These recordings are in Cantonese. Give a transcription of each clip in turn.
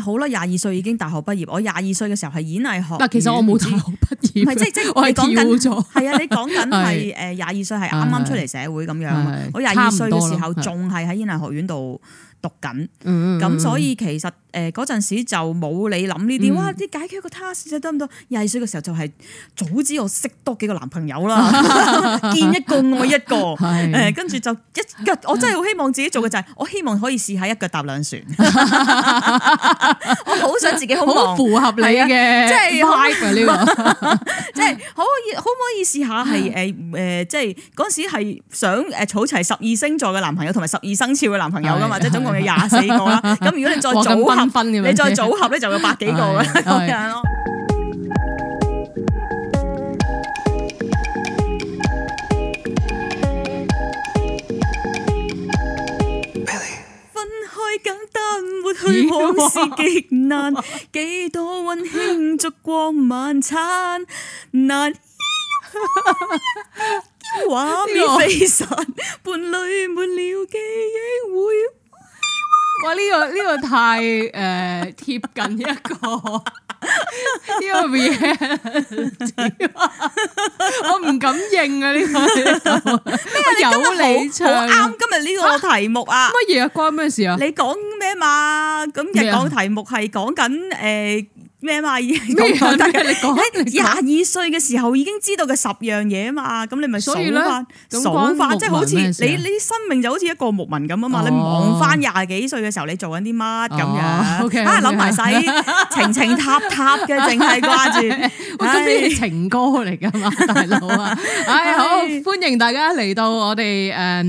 好啦，廿二歲已經大學畢業。我廿二歲嘅時候係演藝學。嗱，其實我冇大學畢業。唔係是，即係即係，你講緊係啊？你講緊係誒廿二歲係啱啱出嚟社會咁的樣。的我廿二歲嘅時候仲係喺演藝學院度。讀緊，咁、嗯、所以其實誒嗰陣時就冇你諗呢啲哇啲解決個 task 就得唔得？廿二歲嘅時候就係早知我識多幾個男朋友啦，見一個愛一個，跟住就一腳，我真係好希望自己做嘅就係，我希望可以試下一腳踏兩船，哈哈我好想自己好唔符合你嘅，即係 l 呢個，即係很 可以可唔可以試下係誒誒，即係嗰陣時係想誒儲齊十二星座嘅男朋友同埋十二生肖嘅男朋友㗎嘛？共有廿四個啦，咁如果你再組合，你再組合咧，就有百幾個咁樣咯。分開簡單，抹去往事極難，幾多溫馨燭光晚餐難。畫 面飛散，伴侶沒了記憶會。哇！呢、這個呢、這個太誒貼近一個呢個我唔敢認啊呢個，咩有你唱啱今日呢 個題目啊？乜嘢啊？關咩事啊？你講咩嘛？咁今日講嘅題目係講緊誒。呃咩 嘛？咁講得嘅，你講喺廿二歲嘅時候已經知道嘅十樣嘢啊嘛，咁你咪數翻數翻，即係好似你你生命就好似一個木紋咁啊嘛，你望翻廿幾歲嘅時候你做緊啲乜咁樣，啊諗埋晒，情情塔塔嘅，淨係掛住。 咁先係情歌嚟噶嘛，大佬啊！唉、哎，好 歡迎大家嚟到我哋誒、啊，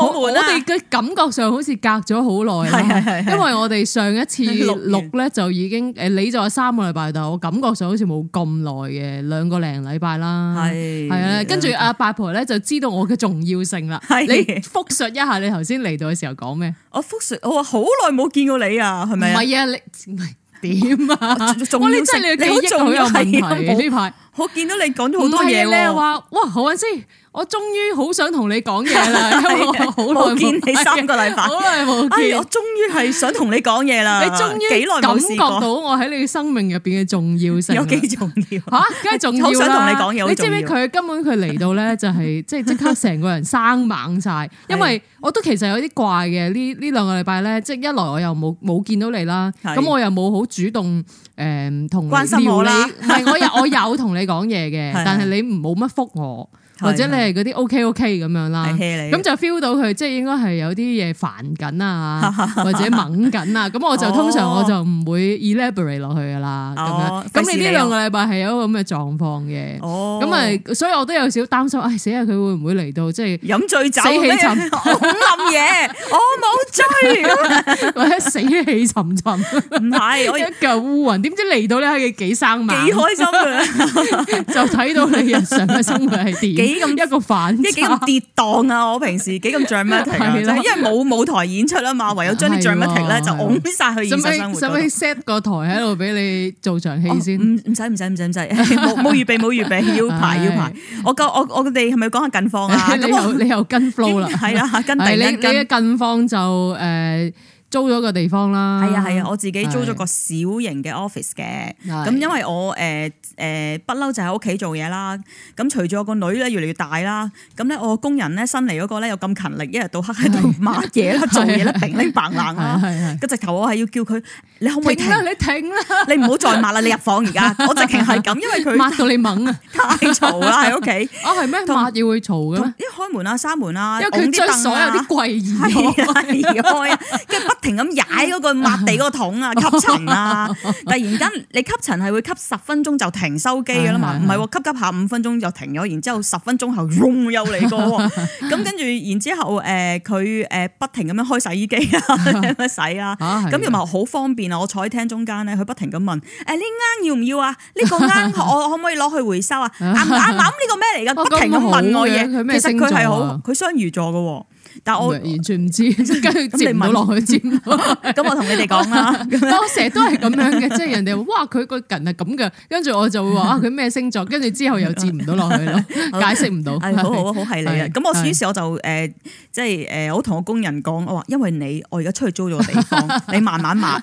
我我哋嘅感覺上好似隔咗好耐啊，是是是是因為我哋上一次錄錄咧就已經誒，你就有三個禮拜，度。我感覺上好似冇咁耐嘅兩個零禮拜啦。係係是啊，跟住阿八婆咧就知道我嘅重要性啦。係的你複述一下你頭先嚟到嘅時候講咩？我複述我話好耐冇見過你啊，係咪？唔係啊，你點啊？哇、哦！你真係你嘅記憶好有問題呢排。我見到你講好多嘢，你話哇，何韻詩，我終於好想同你講嘢啦，因為我好耐冇見你三個禮拜，好耐冇見，我終於係想同你講嘢啦，你終於感覺到我喺你生命入邊嘅重要性，有幾重要吓？梗係重要啦。仲好想同你講嘢？你知唔知佢根本佢嚟到咧就係即係即刻成個人生猛晒，因為我都其實有啲怪嘅，呢呢兩個禮拜咧，即係一來我又冇冇見到你啦，咁我又冇好主動誒同關心我啦，唔係我有我有同你。講嘢嘅，但係你唔冇乜回覆我。或者你係嗰啲 OK OK 咁樣啦，咁就 feel 到佢即係應該係有啲嘢煩緊啊，或者掹緊啊，咁我就通常我就唔會 elaborate 落去噶啦。咁樣，咁你呢兩個禮拜係有個咁嘅狀況嘅。哦，咁啊，所以我都有少少擔心，唉，死下佢會唔會嚟到即係飲醉酒、死氣沉沉冧嘢？我冇醉。或者死氣沉沉。唔係，我一嚿烏雲，點知嚟到咧？幾生猛？幾開心就睇到你日常嘅生活係點？幾咁一個的反，幾咁跌宕啊！我平時幾咁 dramatic 因為冇舞台演出啦嘛，唯有將啲 dramatic 咧，就㧬晒去現實生活。咁你 set 個台喺度俾你做場戲先？唔唔使唔使唔使唔使，冇冇預備冇預備，要排 要排。我夠我我哋係咪講下近況啊？咁 你，你又跟 flow 啦，係啦跟第二跟。你近況就誒。Uh 租咗個地方啦，係啊係啊，我自己租咗個小型嘅 office 嘅，咁因為我誒誒不嬲就喺屋企做嘢啦，咁隨住我個女咧越嚟越大啦，咁咧我工人咧新嚟嗰個咧又咁勤力，一日到黑喺度抹嘢啦、做嘢啦、乒呤乓啷啦，咁直頭我係要叫佢，你可唔可以停啦？你停啦，你唔好再抹啦，你入房而家，我直情係咁，因為佢抹到你猛啊，太嘈啦喺屋企。哦，係咩抹嘢會嘈？一開門啊，閂門啊，因為佢將所有啲櫃移開，移不 停咁踩嗰個抹地個桶啊，吸塵啊。突然間你吸塵係會吸十分鐘就停收機噶啦嘛？唔係喎，吸吸下五分鐘就停咗，然之後十分鐘後又嚟過，咁跟住然之後誒佢誒不停咁樣開洗衣機啊洗啊。咁又咪好方便啊！我坐喺廳中間咧，佢不停咁問誒，呢啱要唔要啊？呢、這個啱我，我可唔可以攞去回收啊？啱啱諗呢個咩嚟噶？不停咁問我嘢，啊啊、其實佢係好佢雙魚座噶。但我完全唔知，跟住接唔到落去接。咁我同你哋講啦，我成日都係咁樣嘅，即係人哋話哇佢個人係咁嘅，跟住我就會話啊佢咩星座，跟住之後又接唔到落去咯，解釋唔到。係好好好係你啊！咁我於是我就誒即係誒，我同我工人講，我話因為你我而家出去租咗個地方，你慢慢抹。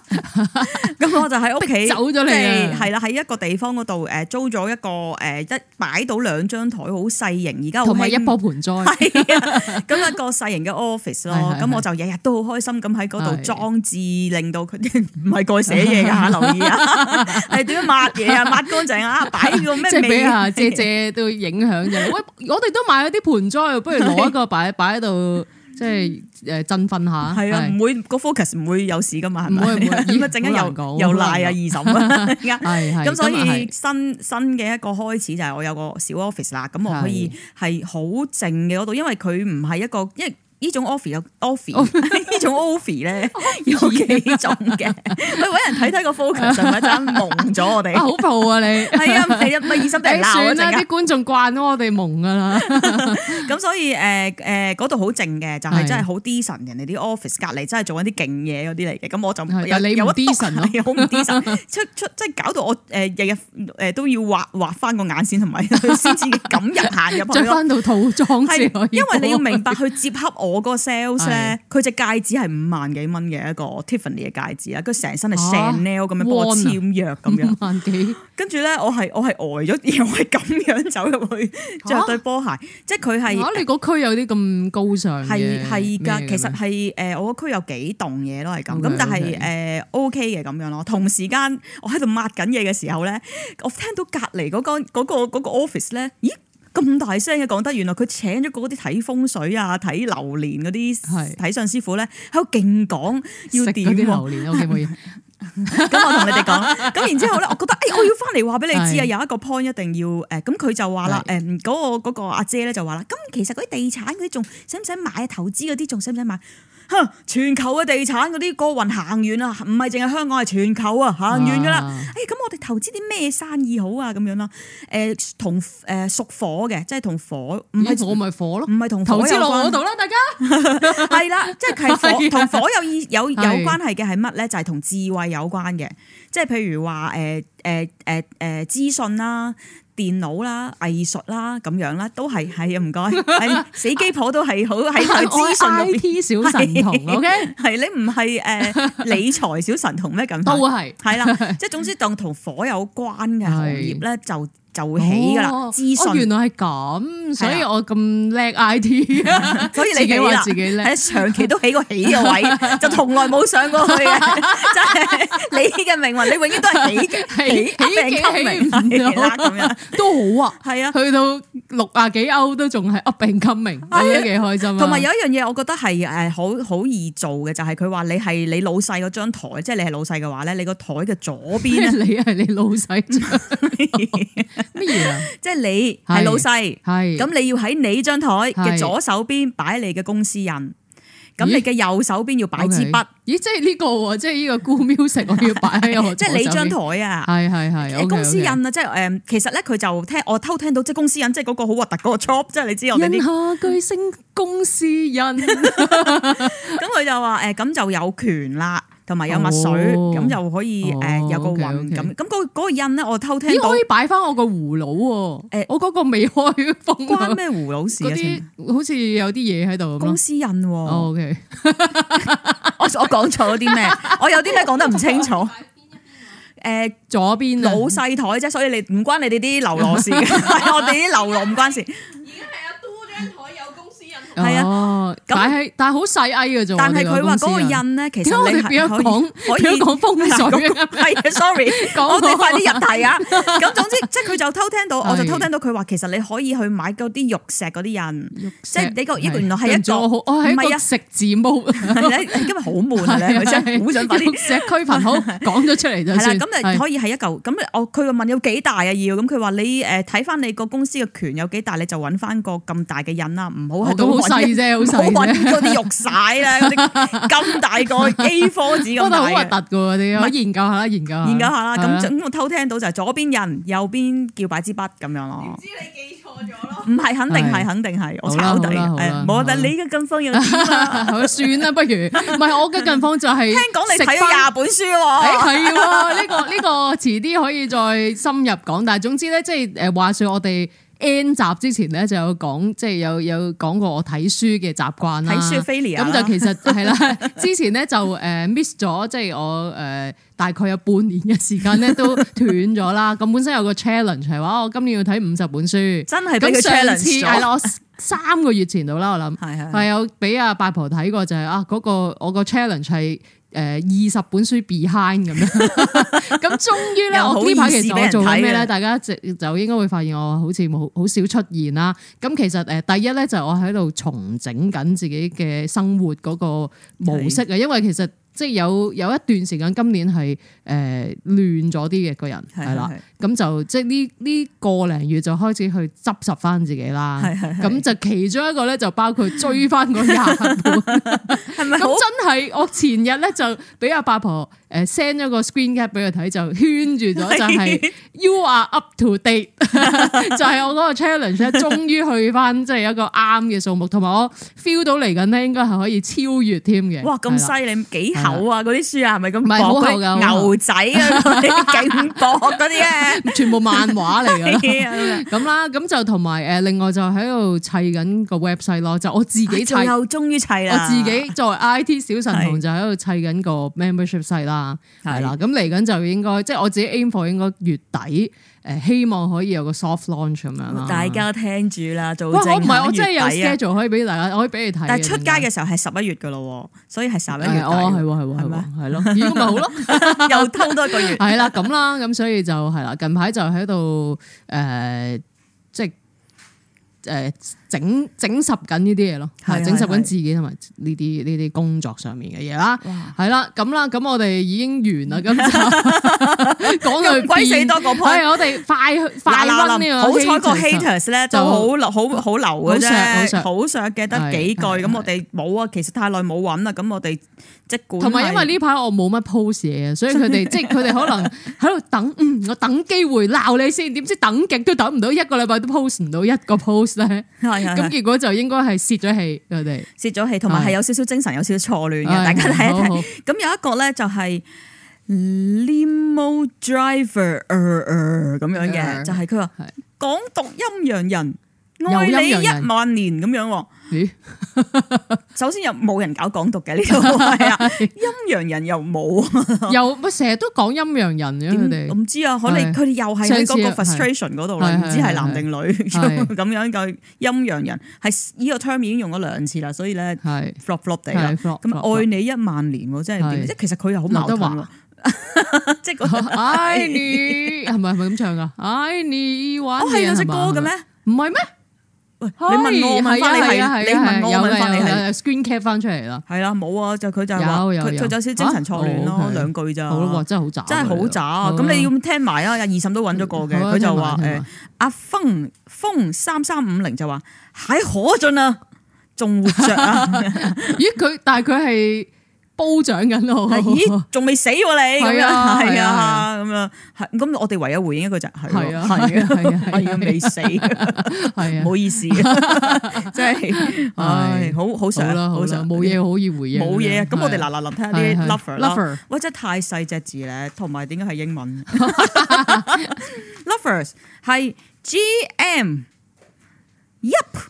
咁我就喺屋企走咗你係啦，喺一個地方嗰度誒租咗一個誒一擺到兩張台，好細型，而家同埋一波盆栽。係啊，咁一個細型嘅 office 咯，咁我就日日都好開心咁喺嗰度裝置，令到佢哋唔係過去寫嘢噶嚇，留意啊，係點樣抹嘢啊，抹乾淨啊，擺個咩味？即係借借都影響嘅。喂，我哋都買咗啲盆栽，不如攞一個擺擺喺度，即係誒振奮下。係啊，唔會個 focus 唔會有事噶嘛，係咪？點解陣間又又賴啊二嬸？係係。咁所以新新嘅一個開始就係我有個小 office 啦，咁我可以係好靜嘅嗰度，因為佢唔係一個，因為。呢種 office 有 office，呢種 office 咧有幾種嘅，去揾人睇睇個 focus，實咪蒙咗我哋？好暴啊你！係啊，唔啊，唔係二十俾人秒鬧一啲觀眾慣咗我哋蒙噶啦，咁所以誒誒嗰度好靜嘅，就係真係好 decent 人哋啲 office 隔離真係做緊啲勁嘢嗰啲嚟嘅，咁我就有又 decent，又唔 decent 出出即係搞到我誒日日誒都要畫畫翻個眼線同埋，先至敢入行入去翻到套裝因為你要明白去接合我。我個 sales 咧，佢隻的戒指係五萬幾蚊嘅一個 Tiffany 嘅戒指啊，佢成身係成 Chanel 咁樣幫我簽約咁樣，五萬幾。跟住咧，我係我係呆咗，然後係咁樣走入去著對波鞋，啊、即係佢係嚇你嗰區有啲咁高尚，係係㗎。麼其實係誒、呃，我個區有幾棟嘢都係咁，咁 Okay, okay. 但係誒、呃、OK 嘅咁樣咯。同時間我喺度抹緊嘢嘅時候咧，我聽到隔離嗰個嗰、嗰個嗰個嗰個、office 咧，咦？咁大聲嘅講得，原來佢請咗嗰啲睇風水啊、睇流年嗰啲睇相師傅咧，喺度勁講要點喎？食嗰啲流年，咁我同 你哋講，咁然之後咧，我覺得，哎，我要翻嚟話俾你知啊，是有一個 point 一定要，誒、呃，咁佢就話啦，誒、呃，嗰、嗰個嗰個阿姐咧就話啦，咁其實嗰啲地產嗰啲仲使唔使買啊？投資嗰啲仲使唔使買？全球嘅地產嗰啲過運行完啦，唔係淨係香港，係全球啊行完噶啦。哎哇、欸，咁我哋投資啲咩生意好啊？咁樣啦，誒，同誒屬火嘅，即係同火，唔係火咪火咯，唔係同投資落火度啦，大家係啦， 即係同火，火有意有有關係嘅係乜咧？就係、是、同智慧有關嘅，即係譬如話誒誒誒誒資訊啦。呃呃呃呃呃電腦啦、藝術啦、咁樣啦，都係係啊，唔該， 死機婆都係好喺資訊入邊，IT 小神童，ok？係你唔係誒理財小神童咩？咁都係係啦，即 係總之當同火有關嘅行業咧 的就。就會起噶啦，資訊原來係咁，所以我咁叻 I T 啊，所以你自己話自己叻。上期都起個起個位，就從來冇上過去嘅，就係你嘅命運，你永遠都係起嘅，up and coming 嘅啦，咁樣都好啊，係啊，去到六啊幾歐都仲係 up and coming，都幾開心啊，同埋有一樣嘢，我覺得係誒好好易做嘅，就係佢話你係你老細嗰張台，即係你係老細嘅話咧，你個台嘅左邊咧，你係你老細。咩嘢？ 即係你係老細，係咁是你要喺你張台嘅左手邊擺你嘅公司印，咁是你嘅右手邊要擺支筆。咦，okay. 咦？即係呢、這個，即係呢個古廟成我要擺喺我 即係你張台啊！係係係，公司印啊！即係誒，其實咧，佢就聽我偷聽到，即係公司印，即係嗰個好核突嗰個 chop，即係你知我哋啲下巨星公司印，咁佢就話誒，咁就有權啦。同埋有墨水，咁就可以誒有個雲咁。咁嗰嗰個印咧，我偷聽到，可以擺翻我個葫蘆喎。誒，我嗰個未開封，關咩葫蘆事？好似有啲嘢喺度。公司印喎。O K，我我講錯咗啲咩？我有啲咩講得唔清楚。擺左邊老細台啫，所以你唔關你哋啲流羅事，我哋啲流羅唔關事。係啊，但係但係好細埃嘅啫。但係佢話嗰個印咧，其實我哋變咗講，變咗講風水啊。係啊，sorry，我哋快啲入題啊。咁總之，即係佢就偷聽到，我就偷聽到佢話，其實你可以去買嗰啲玉石嗰啲印，即係你個一個原來係一個，唔係啊，食字毛。今日好悶啊，真係好想快啲社區群好講咗出嚟就算。係咁啊，可以係一嚿咁啊。我佢問有幾大啊？要咁佢話你誒睇翻你個公司嘅權有幾大，你就揾翻個咁大嘅印啦，唔好喺度。細啫，好細。我嗰啲肉晒咧，咁大個 A4 紙咁大。好核突噶啲，研究下研究下。研究下啦，咁咁我偷聽到就係左邊人，右邊叫擺支筆咁樣咯。唔知你記錯咗咯？唔係，肯定係，肯定係。我抄底，係冇。但你依家跟風要，好算啦，不如唔係我嘅跟風就係。聽講你睇咗廿本書喎？係喎，呢個呢個遲啲可以再深入講。但係總之咧，即係誒，話說我哋。N 集之前咧就有講，即係有有講過我睇書嘅習慣啦。睇書飛嚟咁就其實係啦。 之前咧就誒 miss 咗，即係我誒大概有半年嘅時間咧都斷咗啦。咁 本身有個 challenge 係話我今年要睇五十本書，真係，咁上次係我三個月前度啦，我諗係係係有俾阿八婆睇過就係啊嗰個我個 challenge 係。誒，二十本書 behind 咁樣，咁終於咧，我呢排其實我做緊咩咧？大家就就應該會發現我好似冇好少出現啦。咁其實誒，第一咧就係，我喺度重整緊自己嘅生活嗰個模式啊，對 因為其實。即係有有一段時間今年係誒、呃、亂咗啲嘅個人係啦，咁就即係呢呢個零月就開始去執拾翻自己啦。係咁是就其中一個咧就包括追翻嗰廿本，係咪好真係的？ 我前日咧就俾阿八婆。誒 send 咗個 screen cap 俾佢睇，就圈住咗就係 you are up to date，就係我嗰個 challenge 咧，終於去返即係一個啱嘅數目，同埋我 feel 到嚟緊咧應該係可以超越添嘅。哇！咁犀利幾厚啊？嗰啲書啊，係咪咁薄嘅牛仔啊？幾薄嗰啲啊？全部漫畫嚟㗎。咁啦，咁就同埋誒，另外就喺度砌緊個 website 咯，就我自己砌，仲有終於砌啦。我自己作為 IT 小神童，就喺度砌緊個 membershipsite 啦。係啦，咁嚟緊就應該，即係我自己 aim for 應該月底，誒希望可以有個 soft launch 咁樣啦。大家聽住啦，做正。我唔係，我真係有 schedule 可以俾大家，我可以俾你睇。但係出街嘅時候係十一月噶咯，所以係十一月底哦，係喎，係喎，係喎，係咯，已經冇咯，又偷多一個月。係啦，咁啦，咁所以就係啦，近排就喺度誒。呃誒整整拾緊呢啲嘢咯，係整拾緊自己同埋呢啲呢啲工作上面嘅嘢啦，係啦咁啦，咁我哋已經完啦，咁講咗鬼死多個 point 我哋快快分，好彩個 haters 咧就好流好好流嘅啫，好想 short 得幾句，咁我哋冇啊，其實太耐冇揾啦，咁我哋。同埋因為呢排我冇乜 post 嘢，所以佢哋 即係佢哋可能喺度等，嗯，我等機會鬧你先，點知等極都等唔到，一個禮拜都 post 唔到一個 post 咧，咁結果就應該係泄咗氣佢哋，泄咗氣，同埋係有少少精神對 有少少錯亂嘅，對 大家睇一睇。咁好好 有一個咧就係 limo driver 咁、呃呃、樣嘅，對 就係佢話港獨陰陽人。愛你一萬年咁樣，首先又冇人搞港獨嘅呢度係啊，陰陽人又冇，又咪成日都講陰陽人嘅，唔知啊，可能佢哋又係喺嗰個 frustration 嗰度啦，唔知係男定女咁樣嘅陰陽人，係呢個 term 已經用咗兩次啦，所以咧係 flop flop 地咁愛你一萬年，真係點？即其實佢又好矛盾咯，即係愛你係咪係咪咁唱㗎？愛你我係有隻歌嘅咩？唔係咩？你問我問翻你係，你問我問翻你係，screen cap 翻出嚟啦，係啦，冇啊，就佢就話佢佢少少精神錯亂咯，兩句咋，真係好渣，真係好渣，咁你要唔要聽埋啊？阿二嬸都揾咗個嘅，佢就話誒，阿峰峰三三五零就話喺可津啊，仲活着啊，咦，佢但係佢係。煲獎緊都咦？仲未死喎，你咁樣，係啊，咁樣，係咁我哋唯有回應一個就係，係啊，係啊，係啊，係啊，未死，係啊，唔好意思，即係，唉，好好想，好啦，好啦，冇嘢好以回應，冇嘢，咁我哋嗱嗱臨聽下啲 lover 啦，我真係太細隻字咧，同埋點解係英文？lovers 係 GM, Yep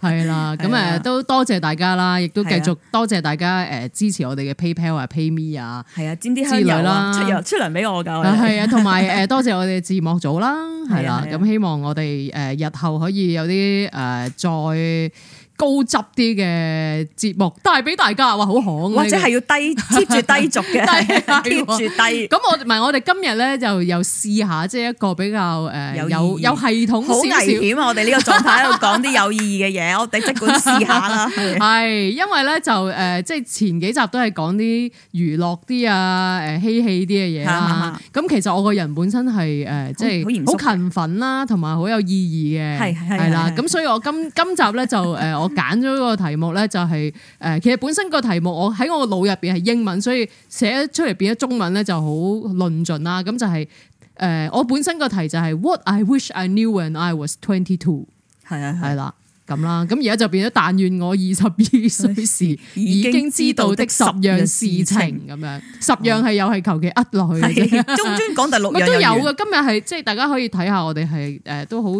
係啦，咁誒都多謝大家啦，亦都繼續多謝大家誒支持我哋嘅 PayPal 啊、PayMe 啊，係啊，沾啲香油啊，出油出糧俾我噶，係啊的，同埋誒多謝我哋字幕組啦，係啦，咁希望我哋誒日後可以有啲誒、呃、再。高質啲嘅節目，但係俾大家話好可愛，或者係要低接住低俗嘅，接住低。咁我唔係我哋今日咧就又試下，即係一個比較誒有有系統少少。好危險啊！我哋呢個狀態喺度講啲有意義嘅嘢，我哋即管試下啦。係因為咧就誒，即係前幾集都係講啲娛樂啲啊誒嬉戲啲嘅嘢啦。咁其實我個人本身係誒即係好勤奮啦，同埋好有意義嘅係係啦。咁所以我今今集咧就誒我。揀咗個題目咧就係、是、誒，其實本身個題目我喺我個腦入邊係英文，所以寫出嚟變咗中文咧就好論盡啦。咁就係、是、誒、呃，我本身個題就係、是、What I wish I knew when I was twenty two，係啊係啦咁啦。咁而家就變咗， 但願我二十二歲時已經知道的十樣事情咁樣， 十樣係又係求其呃落去嘅啫。中專講第六樣都有嘅，今日係即係大家可以睇下，我哋係誒都好。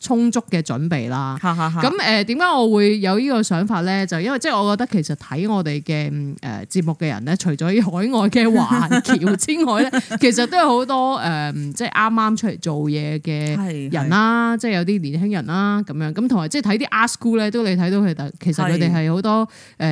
充足嘅準備啦，咁誒點解我會有呢個想法咧？就因為即係我覺得其實睇我哋嘅誒節目嘅人咧，除咗海外嘅華僑之外咧，其實都有好多誒，即係啱啱出嚟做嘢嘅人啦，即係有啲年輕人啦咁樣，咁同埋即係睇啲阿 School 咧，都你睇到佢哋其實佢哋係好多誒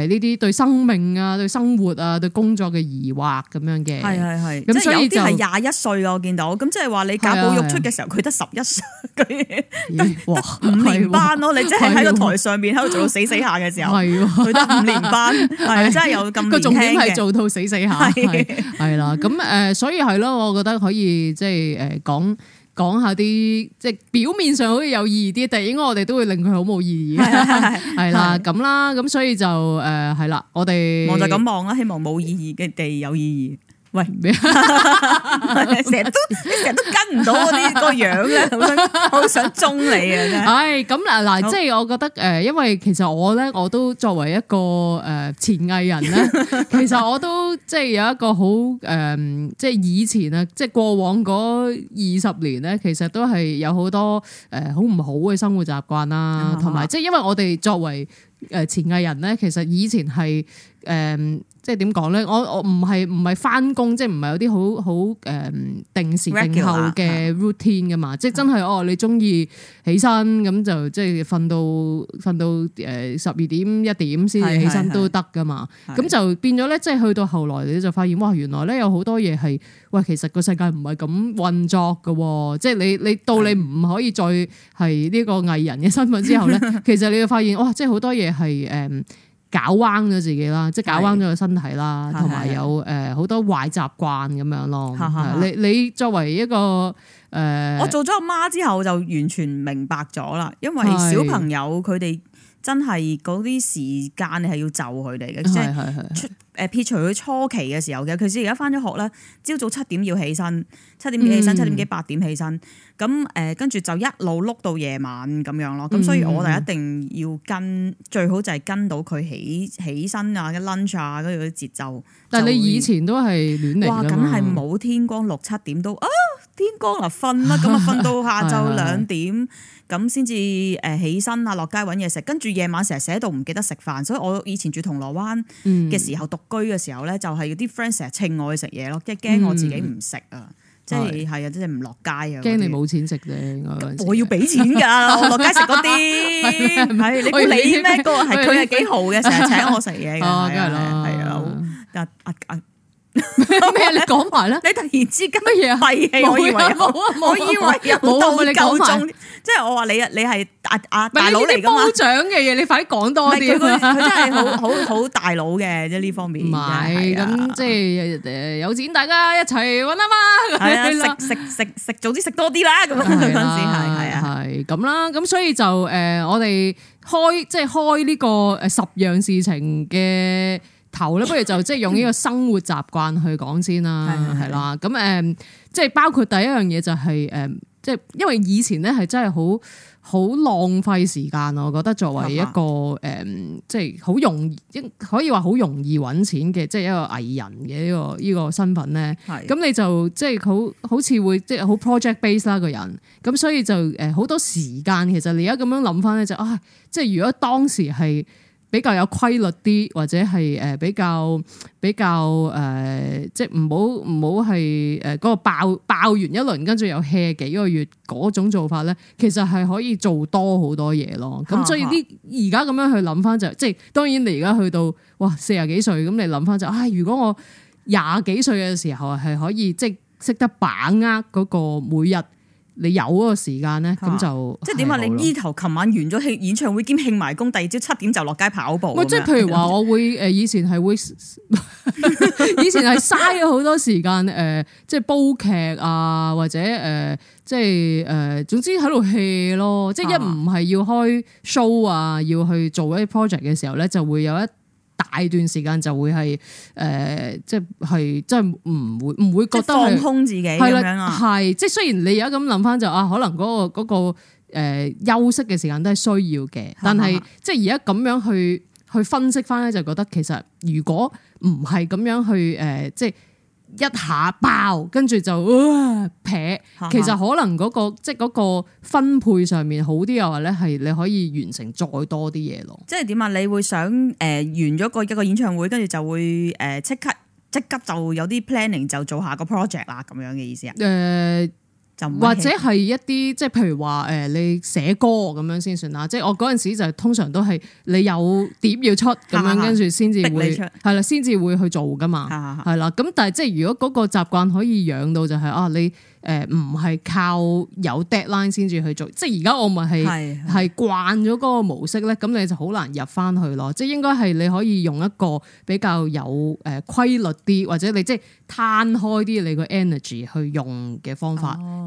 呢啲對生命啊、對生活啊、對工作嘅疑惑咁樣嘅，係係係。咁所以有啲係廿一歲我見到咁即係話你搞到育出嘅時候，佢得十一歲。 得五年班咯，你即係喺個台上面喺度做到死死下嘅時候，佢得五年班，係真係有咁年輕嘅。重點係做到死死下，係係啦，咁誒，所以係咯，我覺得可以即係誒講講下啲即係表面上好似有意義啲，但係應該我哋都會令佢好冇意義，係啦咁啦，咁所以就誒係啦，我哋望就咁望啦，希望冇意義嘅地有意義。喂，成日麼 都成日都跟唔到我呢個樣咧，好想好想中你啊！唉，咁嗱嗱，好即係我覺得誒，因為其實我咧，我都作為一個誒、呃、前藝人咧， 其實我都即係有一個好誒、呃，即係以前啊，即係過往嗰二十年咧，其實都係有很多很好多誒好唔好嘅生活習慣啦，同埋 即係因為我哋作為誒前藝人咧，其實以前係。誒、嗯，即係點講咧？我我唔係唔係翻工，即係唔係有啲好好誒定時定候嘅 routine 噶嘛，嗯？即係真係哦，你中意起身咁就即係瞓到瞓到誒十二點一點先起身都得噶嘛？咁就變咗咧，即係去到後來，你就發現哇，原來咧有好多嘢係喂，其實個世界唔係咁運作噶，即係你你到你唔可以再係呢個藝人嘅身份之後咧，是的 嗯、其實你就發現哇，即係好多嘢係誒。嗯嗯搞彎咗自己啦，即係搞彎咗個身體啦，同埋的有誒好多壞習慣咁樣咯。你你作為一個誒，的呃、我做咗阿媽之後就完全明白咗啦，因為小朋友佢哋的真係嗰啲時間你係要就佢哋嘅，即係的。誒撇除佢初期嘅時候嘅，佢先而家翻返咗學咧，朝早七點要起身，七點幾起身，七點幾八點起身，咁誒跟住就一路碌到夜晚咁樣咯。咁所以我哋一定要跟，最好就係跟到佢起起身啊、嘅 lunch 啊，跟住嗰啲節奏。但係你以前都係亂嚟嘅。哇！梗係冇天光六七點都啊，天光嗱瞓啦，咁啊瞓到下晝兩點。 咁先至誒起身啊，落街揾嘢食，跟住夜晚成日寫到唔記得食飯，所以我以前住銅鑼灣嘅時候、嗯、獨居嘅時候咧，就係有啲 friend 成日請我去食嘢咯，即係驚我自己唔食啊，即係係啊，即係唔落街啊，驚你冇錢食啫，我要俾錢㗎，落街食嗰啲，係你估你咩個係佢係幾豪嘅，成日請我食嘢㗎，係咯，係啊，阿阿。咩你講埋啦？你突然之間乜嘢廢氣？我以為冇啊，我以為有。冇啊，你講中，即係我話你啊，你係大大大佬嚟噶嘛？你褒獎嘅嘢，你快啲講多啲啦。佢佢真係好好好大佬嘅，即係呢方面。咪咁即係誒有錢大家一齊搵啊嘛。係啊，食食食食，早啲食多啲啦。咁樣嗰陣時係係啊，係咁啦。咁所以就誒，我哋開即係開呢個誒十樣事情嘅。頭咧，不如就即係用呢個生活習慣去講先啦，係啦。咁誒，即係包括第一樣嘢就係、係、誒，即係因為以前咧係真係好好浪費時間。我覺得作為一個誒，即係好容易，可以話好容易揾錢嘅，即係一個藝人嘅呢個呢個身份咧。係咁係你就即係好好似會即係好 project base 啦個人。咁所以就誒好多時間其實你而家咁樣諗翻咧就啊，即係如果當時係比較有規律啲，或者係誒比較比較誒、呃，即係唔好唔好係誒嗰個爆爆完一輪，跟住又 hea 幾個月嗰種做法咧，其實係可以做多好多嘢咯。咁哈所以呢而家咁樣去諗翻就，即係當然你而家去到哇四十幾歲，咁你諗翻就，啊、哎、如果我廿幾歲嘅時候係可以即係識得把握嗰個每日。你有嗰個時間咧，咁就即係點啊？你呢頭琴晚完咗慶演唱會兼慶埋工，第二朝七點就落街跑步。喂、 呃，即係譬如話我會誒以前係會以前係嘥咗好多時間誒即係煲劇啊，或者誒、呃、即係誒、呃、總之喺度 hea 咯。即係一唔係要開 show 啊，要去做一啲 project 嘅時候咧，就會有一。大段時間就會係誒、呃，即係即係唔會唔會覺得放空自己咁樣啊？係即係雖然你而家咁諗翻就啊，可能嗰、嗰個嗰、嗰個呃、休息嘅時間都係需要嘅，是的 但係即係而家咁樣去去分析翻咧，就覺得其實如果唔係咁樣去誒、呃，即係。一下爆，跟住就劈。 其實可能嗰、嗰個即係嗰個分配上面好啲，又話咧係你可以完成再多啲嘢咯。即係點啊？你會想誒完咗個一個演唱會，跟住就會誒即、呃、刻即刻就有啲 planning 就做下個 project 啦，咁樣嘅意思啊？誒、呃。或者係一啲即係譬如話誒，你寫歌咁樣先算啦。即係我嗰陣時就係、通常都係你有碟要出咁樣，哈哈哈哈跟住先至會係啦，先至會去做噶嘛。係啦，咁但係即係如果嗰個習慣可以養到、就係，就係啊，你誒唔係靠有 deadline 先至去做。即係而家我咪係係慣咗嗰個模式咧，咁你就好難入翻去咯。即係應該係你可以用一個比較有誒、呃、規律啲，或者你即係攤開啲你個 energy 去用嘅方法。哦。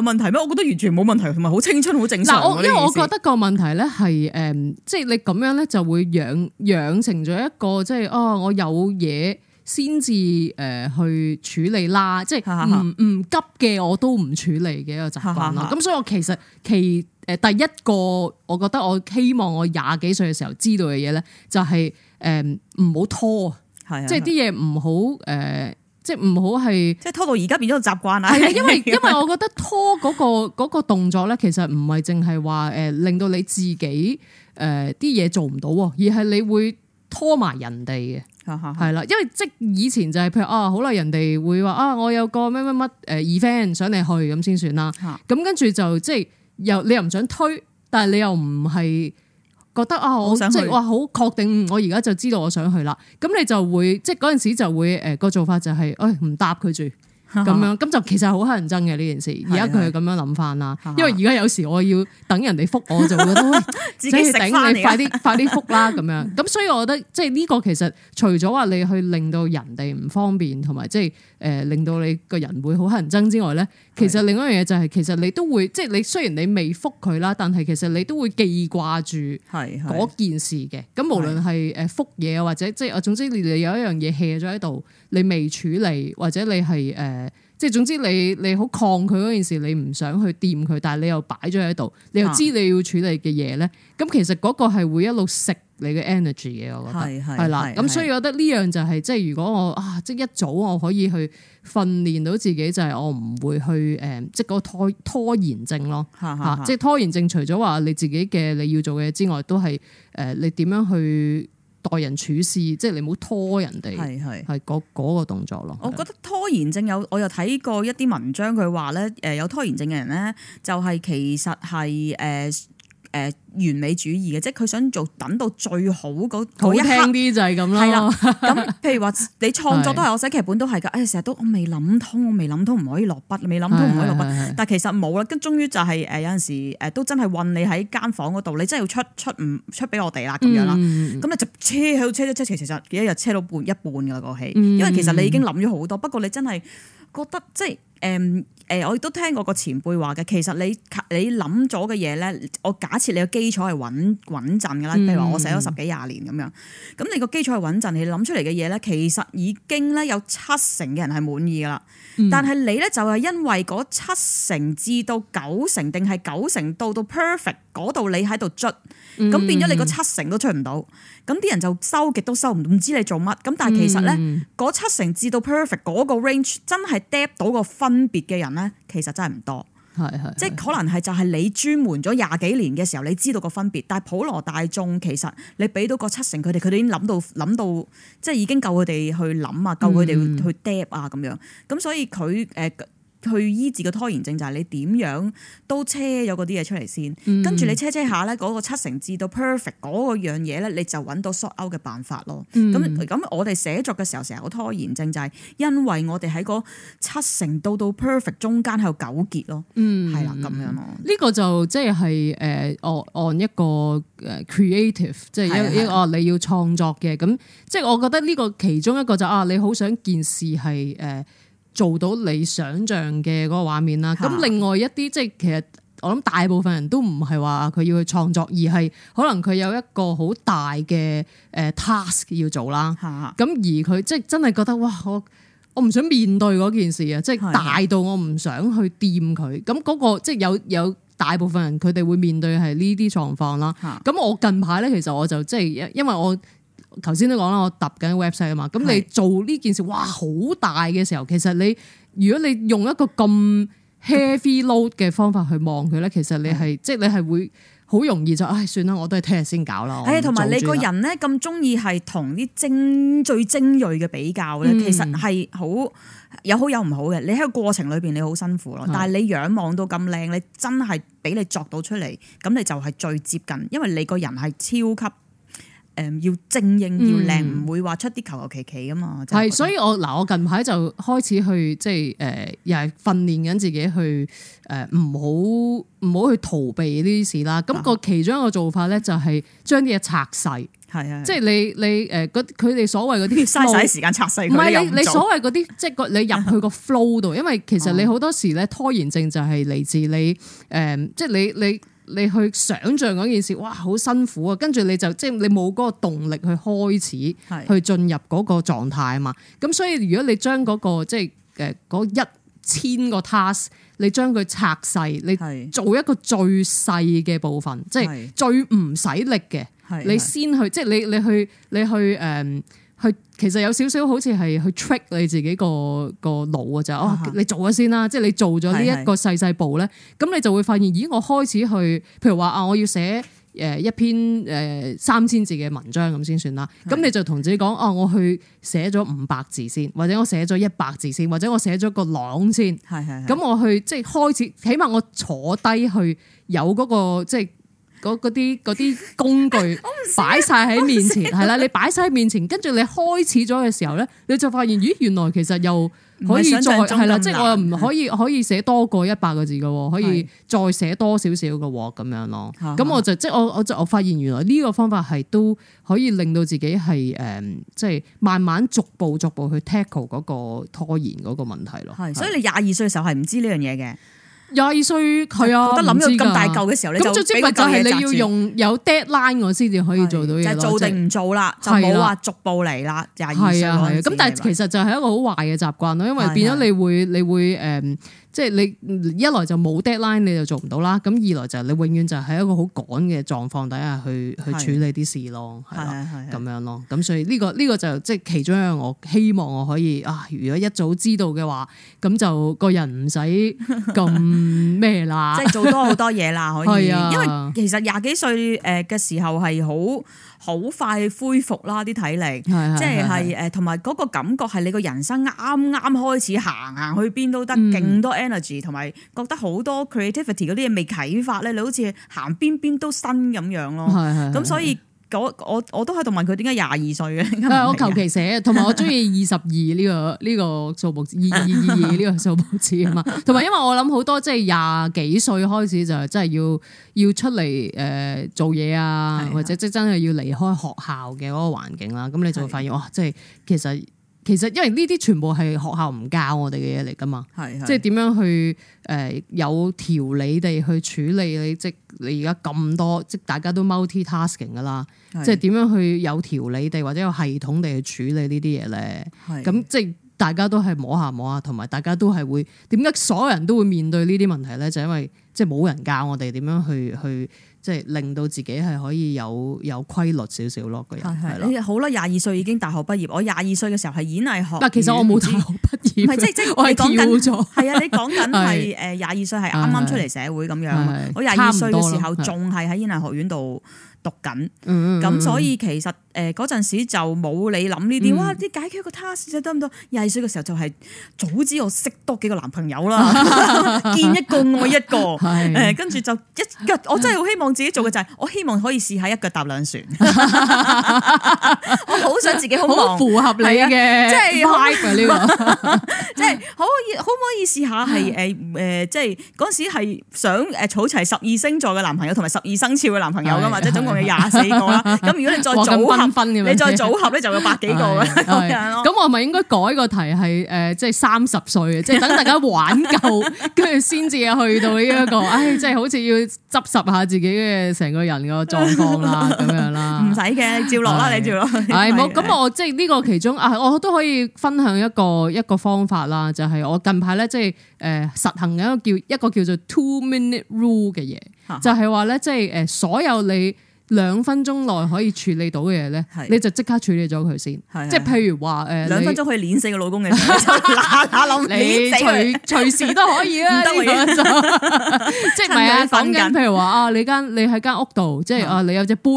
有問題咩？我覺得完全冇問題，同埋好青春，好正常。嗱，我因為我覺得個問題咧係誒，即、嗯、係、就是、你咁樣咧就會養養成咗一個即係啊，我有嘢先至誒去處理啦，即係唔唔急嘅我都唔處理嘅一個習慣啦。咁 所以我其實其誒、呃、第一個，我覺得我希望我廿幾歲嘅時候知道嘅嘢咧，就係誒唔好拖啊，即係啲嘢唔好誒。呃即係唔好係，即係拖到而家變咗個習慣啦。係啊，因為 因為我覺得拖嗰個嗰個動作咧，其實唔係淨係話誒令到你自己誒啲嘢做唔到，而係你會拖埋人哋嘅係啦。因為即以前就係譬如啊，好啦，人哋會話啊，我有個乜乜乜誒 event 想你去咁先算啦。咁 跟住就即係又你又唔想推，但係你又唔係。覺得啊，哦、我想即係話好確定，我而家就知道我想去啦。咁你就會即係嗰陣時就會誒個、呃、做法就係、是，誒唔答佢住。咁樣，咁就其實好乞人憎嘅呢件事。而家佢係咁樣諗翻啦，的因為而家有時我要等人哋覆我，就會覺得 自己頂你快啲， 快啲覆啦咁樣。咁所以我覺得，即係呢個其實除咗話你去令到人哋唔方便，同埋即係誒令到你個人會好乞人憎之外咧，的其實另一樣嘢就係、是，其實你都會即係你雖然你未覆佢啦，但係其實你都會記掛住嗰件事嘅。咁的的無論係誒覆嘢或者即係啊，總之你有一樣嘢 hea 咗喺度。你未處理，或者你係誒，即、呃、係總之你你好抗拒嗰件事，你唔想去掂佢，但係你又擺咗喺度，你又知你要處理嘅嘢咧，咁、啊、其實嗰個係會一路食你嘅 energy 嘅，我覺得係係啦。咁所以我覺得呢樣就係即係如果我啊，即一早我可以去訓練到自己，就係、是、我唔會去誒、呃，即係嗰個拖拖延症咯，即係拖延症，啊、延症除咗話你自己嘅你要做嘅嘢之外，都係誒、呃、你點樣去，待人處事，即係你唔好拖人哋，係係係嗰嗰個動作咯。我覺得拖延症有，我又睇過一啲文章，佢話咧，誒有拖延症嘅人咧，就係、是、其實係誒。呃誒、呃、完美主義嘅，即係佢想做等到最好嗰嗰一刻，好聽啲就係咁啦。係啦，咁譬如話你創作都係，是的 我寫劇本都係㗎。誒、哎，成日都我未諗通，我未諗通，唔可以落筆，未諗通唔可以落筆。是的 但係其實冇啦，跟終於就係、是、誒有陣時誒都真係困你喺間房嗰度，你真係要出出唔出俾我哋啦咁樣啦。咁、嗯、你就車喺度車一車，車，其實幾一日車到半一半㗎啦個戲，因為其實你已經諗咗好多。不過你真係覺得即係誒。嗯誒，我亦都聽過個前輩話嘅，其實你你諗咗嘅嘢咧，我假設你個基礎係穩穩陣㗎啦，譬如話我寫咗十幾廿年咁樣，咁你個基礎係穩陣，你諗出嚟嘅嘢咧，其實已經咧有七成嘅人係滿意噶啦，但係你咧就係因為嗰七成至到九成，定係九成到到 perfect 嗰度，你喺度捽，咁變咗你個七成都出唔到。咁啲人就收極都收唔到，唔知你做乜。咁但係其實咧，嗰、嗯、七成至到 perfect 嗰個 range，真係 dap 到個分別嘅人咧，其實真係唔多。係係，即係可能係就係你專門咗廿幾年嘅時候，你知道個分別。但係普羅大眾其實你俾到個七成，佢哋佢哋已經諗到諗到，即係已經夠佢哋去諗啊，夠佢哋去 dap 啊咁樣。咁所以佢誒。呃去醫治個拖延症，就係你點樣都車有嗰啲嘢出嚟先，跟住、嗯、你車車下咧，嗰、嗰個七成至到 perfect 嗰個樣嘢咧，你就揾到 sort out 嘅辦法咯。咁咁、嗯、我哋寫作嘅時候成日有拖延症，就係因為我哋喺嗰七成到到 perfect 中間喺度糾結咯。嗯，係啦、啊，咁樣咯。呢個就即係誒，按、呃、按一個 creative，即係一是的是的、啊、你要創作嘅。咁即係我覺得呢個其中一個就是、啊，你好想件事係誒。呃做到你想像嘅嗰個畫面啦。咁是的 另外一啲即係其實我諗大部分人都唔係話佢要去創作，而係可能佢有一個好大嘅誒 task 要做啦。咁是的 而佢即係真係覺得嘩，我我唔想面對嗰件事呀，即係是的 大到我唔想去掂佢。咁、那、嗰個即係、就是、有有大部分人佢哋會面對係呢啲狀況啦。咁是的 我近排呢，其實我就即係因為我。頭先都講啦，我揼緊 website 啊嘛，咁是的 你做呢件事，哇，好大嘅時候，其實你如果你用一個咁 heavy load 嘅方法去望佢咧，其實你係即係你係會好容易就唉，算啦，我都係聽日先搞啦。係，同埋你個人咧咁鍾意係同啲精最精鋭嘅比較咧，其實係好有好有唔好嘅。你喺個過程裏邊你好辛苦咯，但係你仰望到咁靚，你真係俾你作到出嚟，咁你就係最接近，因為你個人係超級。誒，要正認要靚，唔會話出啲求求其其啊嘛。係，所以我嗱，我近排就開始去即係誒，又係訓練緊自己去誒，唔好唔好去逃避呢啲事啦。咁、個其中一個做法咧，就係將啲嘢拆細，係啊是的，即係你、呃、 你誒，佢哋所謂嗰啲，唔使時間拆細，唔係你所謂嗰啲，即係個你入去個 flow 度，因為其實你好多時咧，拖延症就係嚟自你誒，即係你你。你你你去想像嗰件事，哇，好辛苦啊！跟住你就即係你冇嗰個動力去開始，去進入嗰個狀態啊嘛。咁是所以如果你將嗰、嗰個即係誒嗰一千個 task，你將佢拆細，你做一個最細嘅部分，是即係最唔使力嘅，是你先去，即、就、係、是、你你去你去誒。呃去其實有少少好似係去 trick 你自己個個腦啊，就哦、啊！你做，你做咗先啦，即係你做咗呢一個細細步咧，咁係係你就會發現，咦？我開始去，譬如話啊，我要寫誒一篇誒三千字嘅文章咁先算啦。咁係係你就同自己講，哦，我去寫咗五百字先，或者我寫咗一百字先，或者我寫咗個朗先。係係。咁我去即係開始，起碼我坐低去有嗰、嗰個即係。嗰啲啲工具擺晒喺面前，係啦、啊，你擺晒喺面前，跟住你開始咗嘅時候咧，你就發現咦，原來其實又可以再係啦，即係我又唔可以可以寫多過一百個字嘅喎，可以再寫多少少嘅喎咁樣咯。咁的我就即係我我就我發現原來呢個方法係都可以令到自己係誒，即、嗯、係、即係、慢慢逐步逐步去 tackle 嗰個拖延嗰個問題咯。係，所以你廿二歲嘅時候係唔知呢樣嘢嘅。廿二歲係啊，覺得諗咗咁大嚿嘅時候，你就俾個就係你要用有 deadline，我先至可以做到嘢。啊、就做定唔做啦，啊、就冇話逐步嚟啦。係啊係啊，咁、啊、但係其實就係一個好壞嘅習慣咯，因為變咗你會、啊、你會誒。呃即係你一來就冇 deadline，你就做唔到啦。咁二來就你永遠就喺一個好趕嘅狀況底下，去去處理啲事咯，係啦的，咁的樣咯。咁所以呢個呢個就即係其中一樣，我希望我可以啊。如果一早知道嘅話，咁就個人唔使咁咩啦，即係做多好多嘢啦。可以， 係啊因為其實廿幾歲誒嘅時候係好。好快恢復啦啲體力，即係係誒，同埋嗰個感覺係你個人生啱啱開始行行去邊都得，勁多 energy，同埋、嗯、覺得好多 creativity 嗰啲嘢未啟發咧，你好似行邊邊都新咁樣咯，咁係係所以。係係係。我我都喺度問佢點解廿二歲嘅？啊、我求其寫，同埋我中意二十二呢個呢 個數目，二二二二呢個數目字啊嘛。同埋 因為我諗好多，即係廿幾歲開始就真係要要出嚟誒做嘢啊，或者即真係要離開學校嘅嗰個環境啦。咁的你就會發現哇的、哦，即係其實。其實因為呢啲全部係學校唔教我哋嘅嘢嚟噶嘛，是是即係點樣去誒、呃、有條理地去處理你即你而家咁多即大家都 multi-tasking 噶啦，是是即係點樣去有條理地或者有系統地去處理呢啲嘢咧？咁是是 即係大家都係摸下摸下，同埋大家都係會點解所有人都會面對呢啲問題咧？就是、因為即係冇人教我哋點樣去去。即係令到自己係可以有有規律少少咯，個人係咯。的好啦，廿二歲已經大學畢業，我廿二歲嘅時候係演藝學。但其實我冇大學畢業，即係即即係講緊。係啊是，你講緊係誒廿二歲係啱啱出嚟社會咁樣。的的我廿二歲嘅時候仲係喺演藝學院度讀緊，咁、嗯嗯嗯、所以其實。誒，嗰陣時就冇你諗呢啲，哇！啲解決個 task 就得唔得？廿歲嘅時候就係早知我識多幾個男朋友啦， 見一個愛一個，誒的，跟住就一腳，我真係好希望自己做嘅就係、是，我希望可以試下一腳踏兩船， 我好想自己好唔符合你嘅、 呃呃，即係呢個，即係可以可唔可以試下係誒誒，即係嗰陣時係想誒，儲齊十二星座嘅男朋友同埋十二生肖嘅男朋友噶嘛？即係、呃呃呃呃呃呃呃呃呃、總共有廿四個啦，咁如果你再早分分咁樣，你再組合咧就有百幾個啦咁樣。咁我咪應該改個題係誒，即係三十歲嘅，即係等大家玩夠，跟住先至去到呢一個。唉，即係好似要執拾下自己嘅成個人個狀況啦，咁樣啦。唔使嘅，你照落啦，你照落。唉，好，咁我即係呢個其中啊，我都可以分享一個一個方法啦，就係我近排咧即係誒實行一個叫一個叫做 Two Minute Rule 嘅嘢，就係話咧即係誒所有你。兩分鐘內可以處理到嘅嘢咧，你就即刻處理咗佢先。即係譬如話，誒兩分鐘可以碾死個老公嘅。你隨隨時都可以啦，即係唔係啊？講緊譬如話啊，你間你喺間屋度，即係啊，你有隻杯。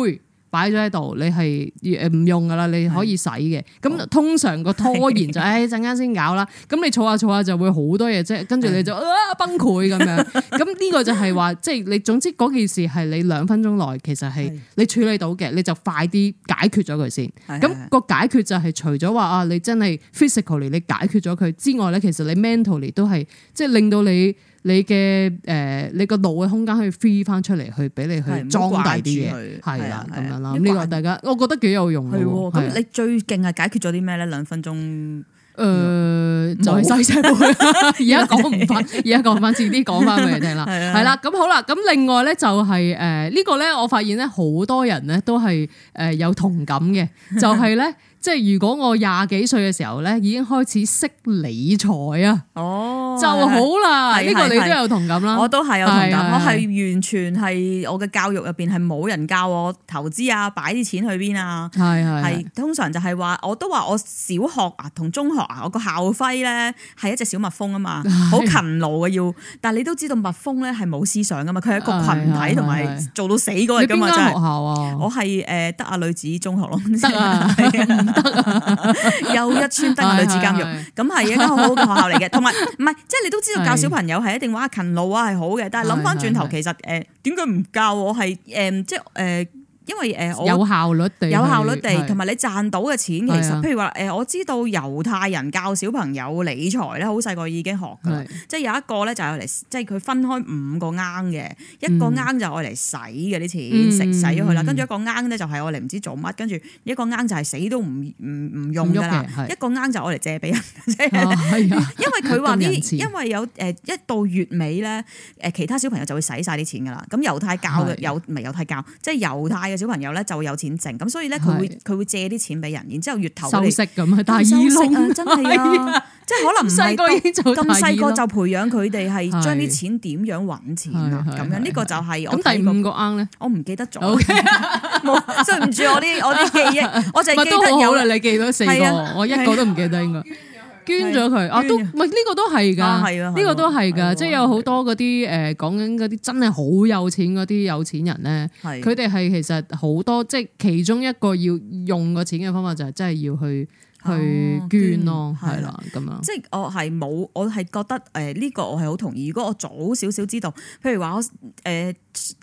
擺咗喺度，你係誒唔用噶啦，你可以洗嘅。咁的通常個拖延就誒陣間先搞啦。咁你坐下坐下就會好多嘢，即係，跟住你就啊崩潰咁樣。咁呢的個就係話，即係你總之嗰件事係你兩分鐘內其實係你處理到嘅，的你就快啲解決咗佢先。咁的個解決就係除咗話啊，你真係 physically 你解決咗佢之外咧，其實你 mentally 都係即係令到你。你嘅誒，你個腦嘅空間可以 free 翻出嚟，去俾你去裝大啲嘢，係啦咁樣啦。呢還個大家，我覺得幾有用嘅。咁、啊、你最勁係解決咗啲咩咧？兩分鐘。誒， 就係細細部，而家 講唔翻，而家、 啊、講翻遲啲講翻俾你聽啦。係啦、 啊，咁好啦，咁另外咧就係誒呢個咧，我發現咧好多人咧都係誒有同感嘅，就係、是、咧。 即係如果我廿幾歲嘅時候咧，已經開始識理財啊，哦，就好啦。呢個你都有同感啦，我都係有同感。我係完全係我嘅教育入邊係冇人教我投資啊，擺啲錢去邊啊。係係係，通常就係話，我都話我小學啊同中學啊，我個校徽咧係一隻小蜜蜂啊嘛，好勤勞嘅要。但係你都知道蜜蜂咧係冇思想噶嘛，佢係一個群體同埋做到死嗰日噶嘛，真係。學校啊，我係誒德愛女子中學咯。又 一村德女子監獄，咁係 一間好好嘅學校嚟嘅。同埋唔係，即係你都知道教小朋友係一定話勤勞啊係好嘅，但係諗翻轉頭，其實誒，點解唔教我係誒、呃，即係誒。呃因為誒，有效率，有效率地，同埋是你賺到嘅錢其實，是的 譬如話誒，我知道猶太人教小朋友理財咧，好細個已經學噶啦，是的 即係有一個咧就係嚟，即係佢分開五個罌嘅，一個罌就係嚟使嘅啲錢，嗯、食使咗佢啦，跟住一個罌咧就係我嚟唔知做乜，跟住一個罌就係死都唔唔唔用噶啦，一個罌就係我嚟借俾人，的 因為佢話啲，因為有誒一到月尾咧，誒其他小朋友就會使晒啲錢噶啦，咁猶太教嘅有唔係猶太教，即係猶太。嘅小朋友咧就會有錢剩，咁所以咧佢會佢會借啲錢俾人，然之後月頭收息咁啊，但係耳窿真係啊，即係、啊、可能細個就咁細個就培養佢哋係將啲錢點樣揾錢啊，咁樣呢、呢個就係我第五個鈎咧 Okay. 我唔記得咗，冇對唔住我啲我啲記憶，我凈係記得有啦，你記得四個，啊、我一個都唔記得應該。捐咗佢，是啊都，唔係呢個都係噶，呢、啊、個都係噶，的即係有好多嗰啲，誒的，講緊嗰啲真係好有錢嗰啲有錢人咧，佢哋係其實好多，即係其中一個要用個錢嘅方法就係真係要去去捐咯，係啦，咁樣。即係我係冇，我係覺得，誒，呢個我係好同意。如果我早少少知道，譬如話我，誒、呃。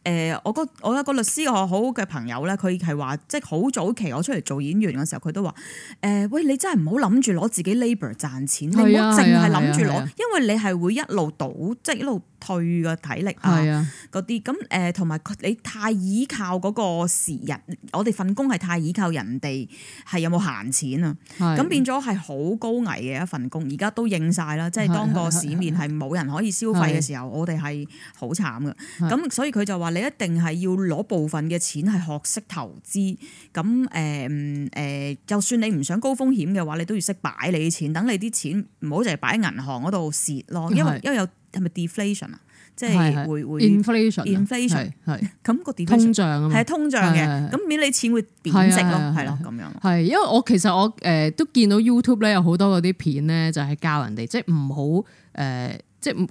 誒，我個我有個律師我好好嘅朋友咧，佢係話，即係好早期我出嚟做演員嘅時候，佢都話，誒，喂，你真係唔好諗住攞自己 labor 賺錢，你唔好淨係諗住攞，因為你係會一路倒，即係一路退嘅體力啊，嗰啲咁誒，同埋你太依靠嗰個時日，我哋份工係太依靠人哋係有冇閒錢啊，咁變咗係好高危嘅一份工，而家都應晒啦，即係當個市面係冇人可以消費嘅時候，我哋係好慘嘅，咁所以佢。佢就話你一定係要攞部分嘅錢係學識投資，咁誒誒，就算你唔想高風險嘅話，你都要識擺你啲錢，等你啲錢唔好淨係擺喺銀行嗰度蝕咯，因為因為有係咪 deflation 啊，即係會會 inflation，inflation 係咁個通脹啊嘛，係通脹嘅，咁免你錢會貶值咯，係咯咁樣。係，因為我其實我誒都見到 YouTube 咧有好多嗰啲片咧，就係教人哋即係唔好誒。即係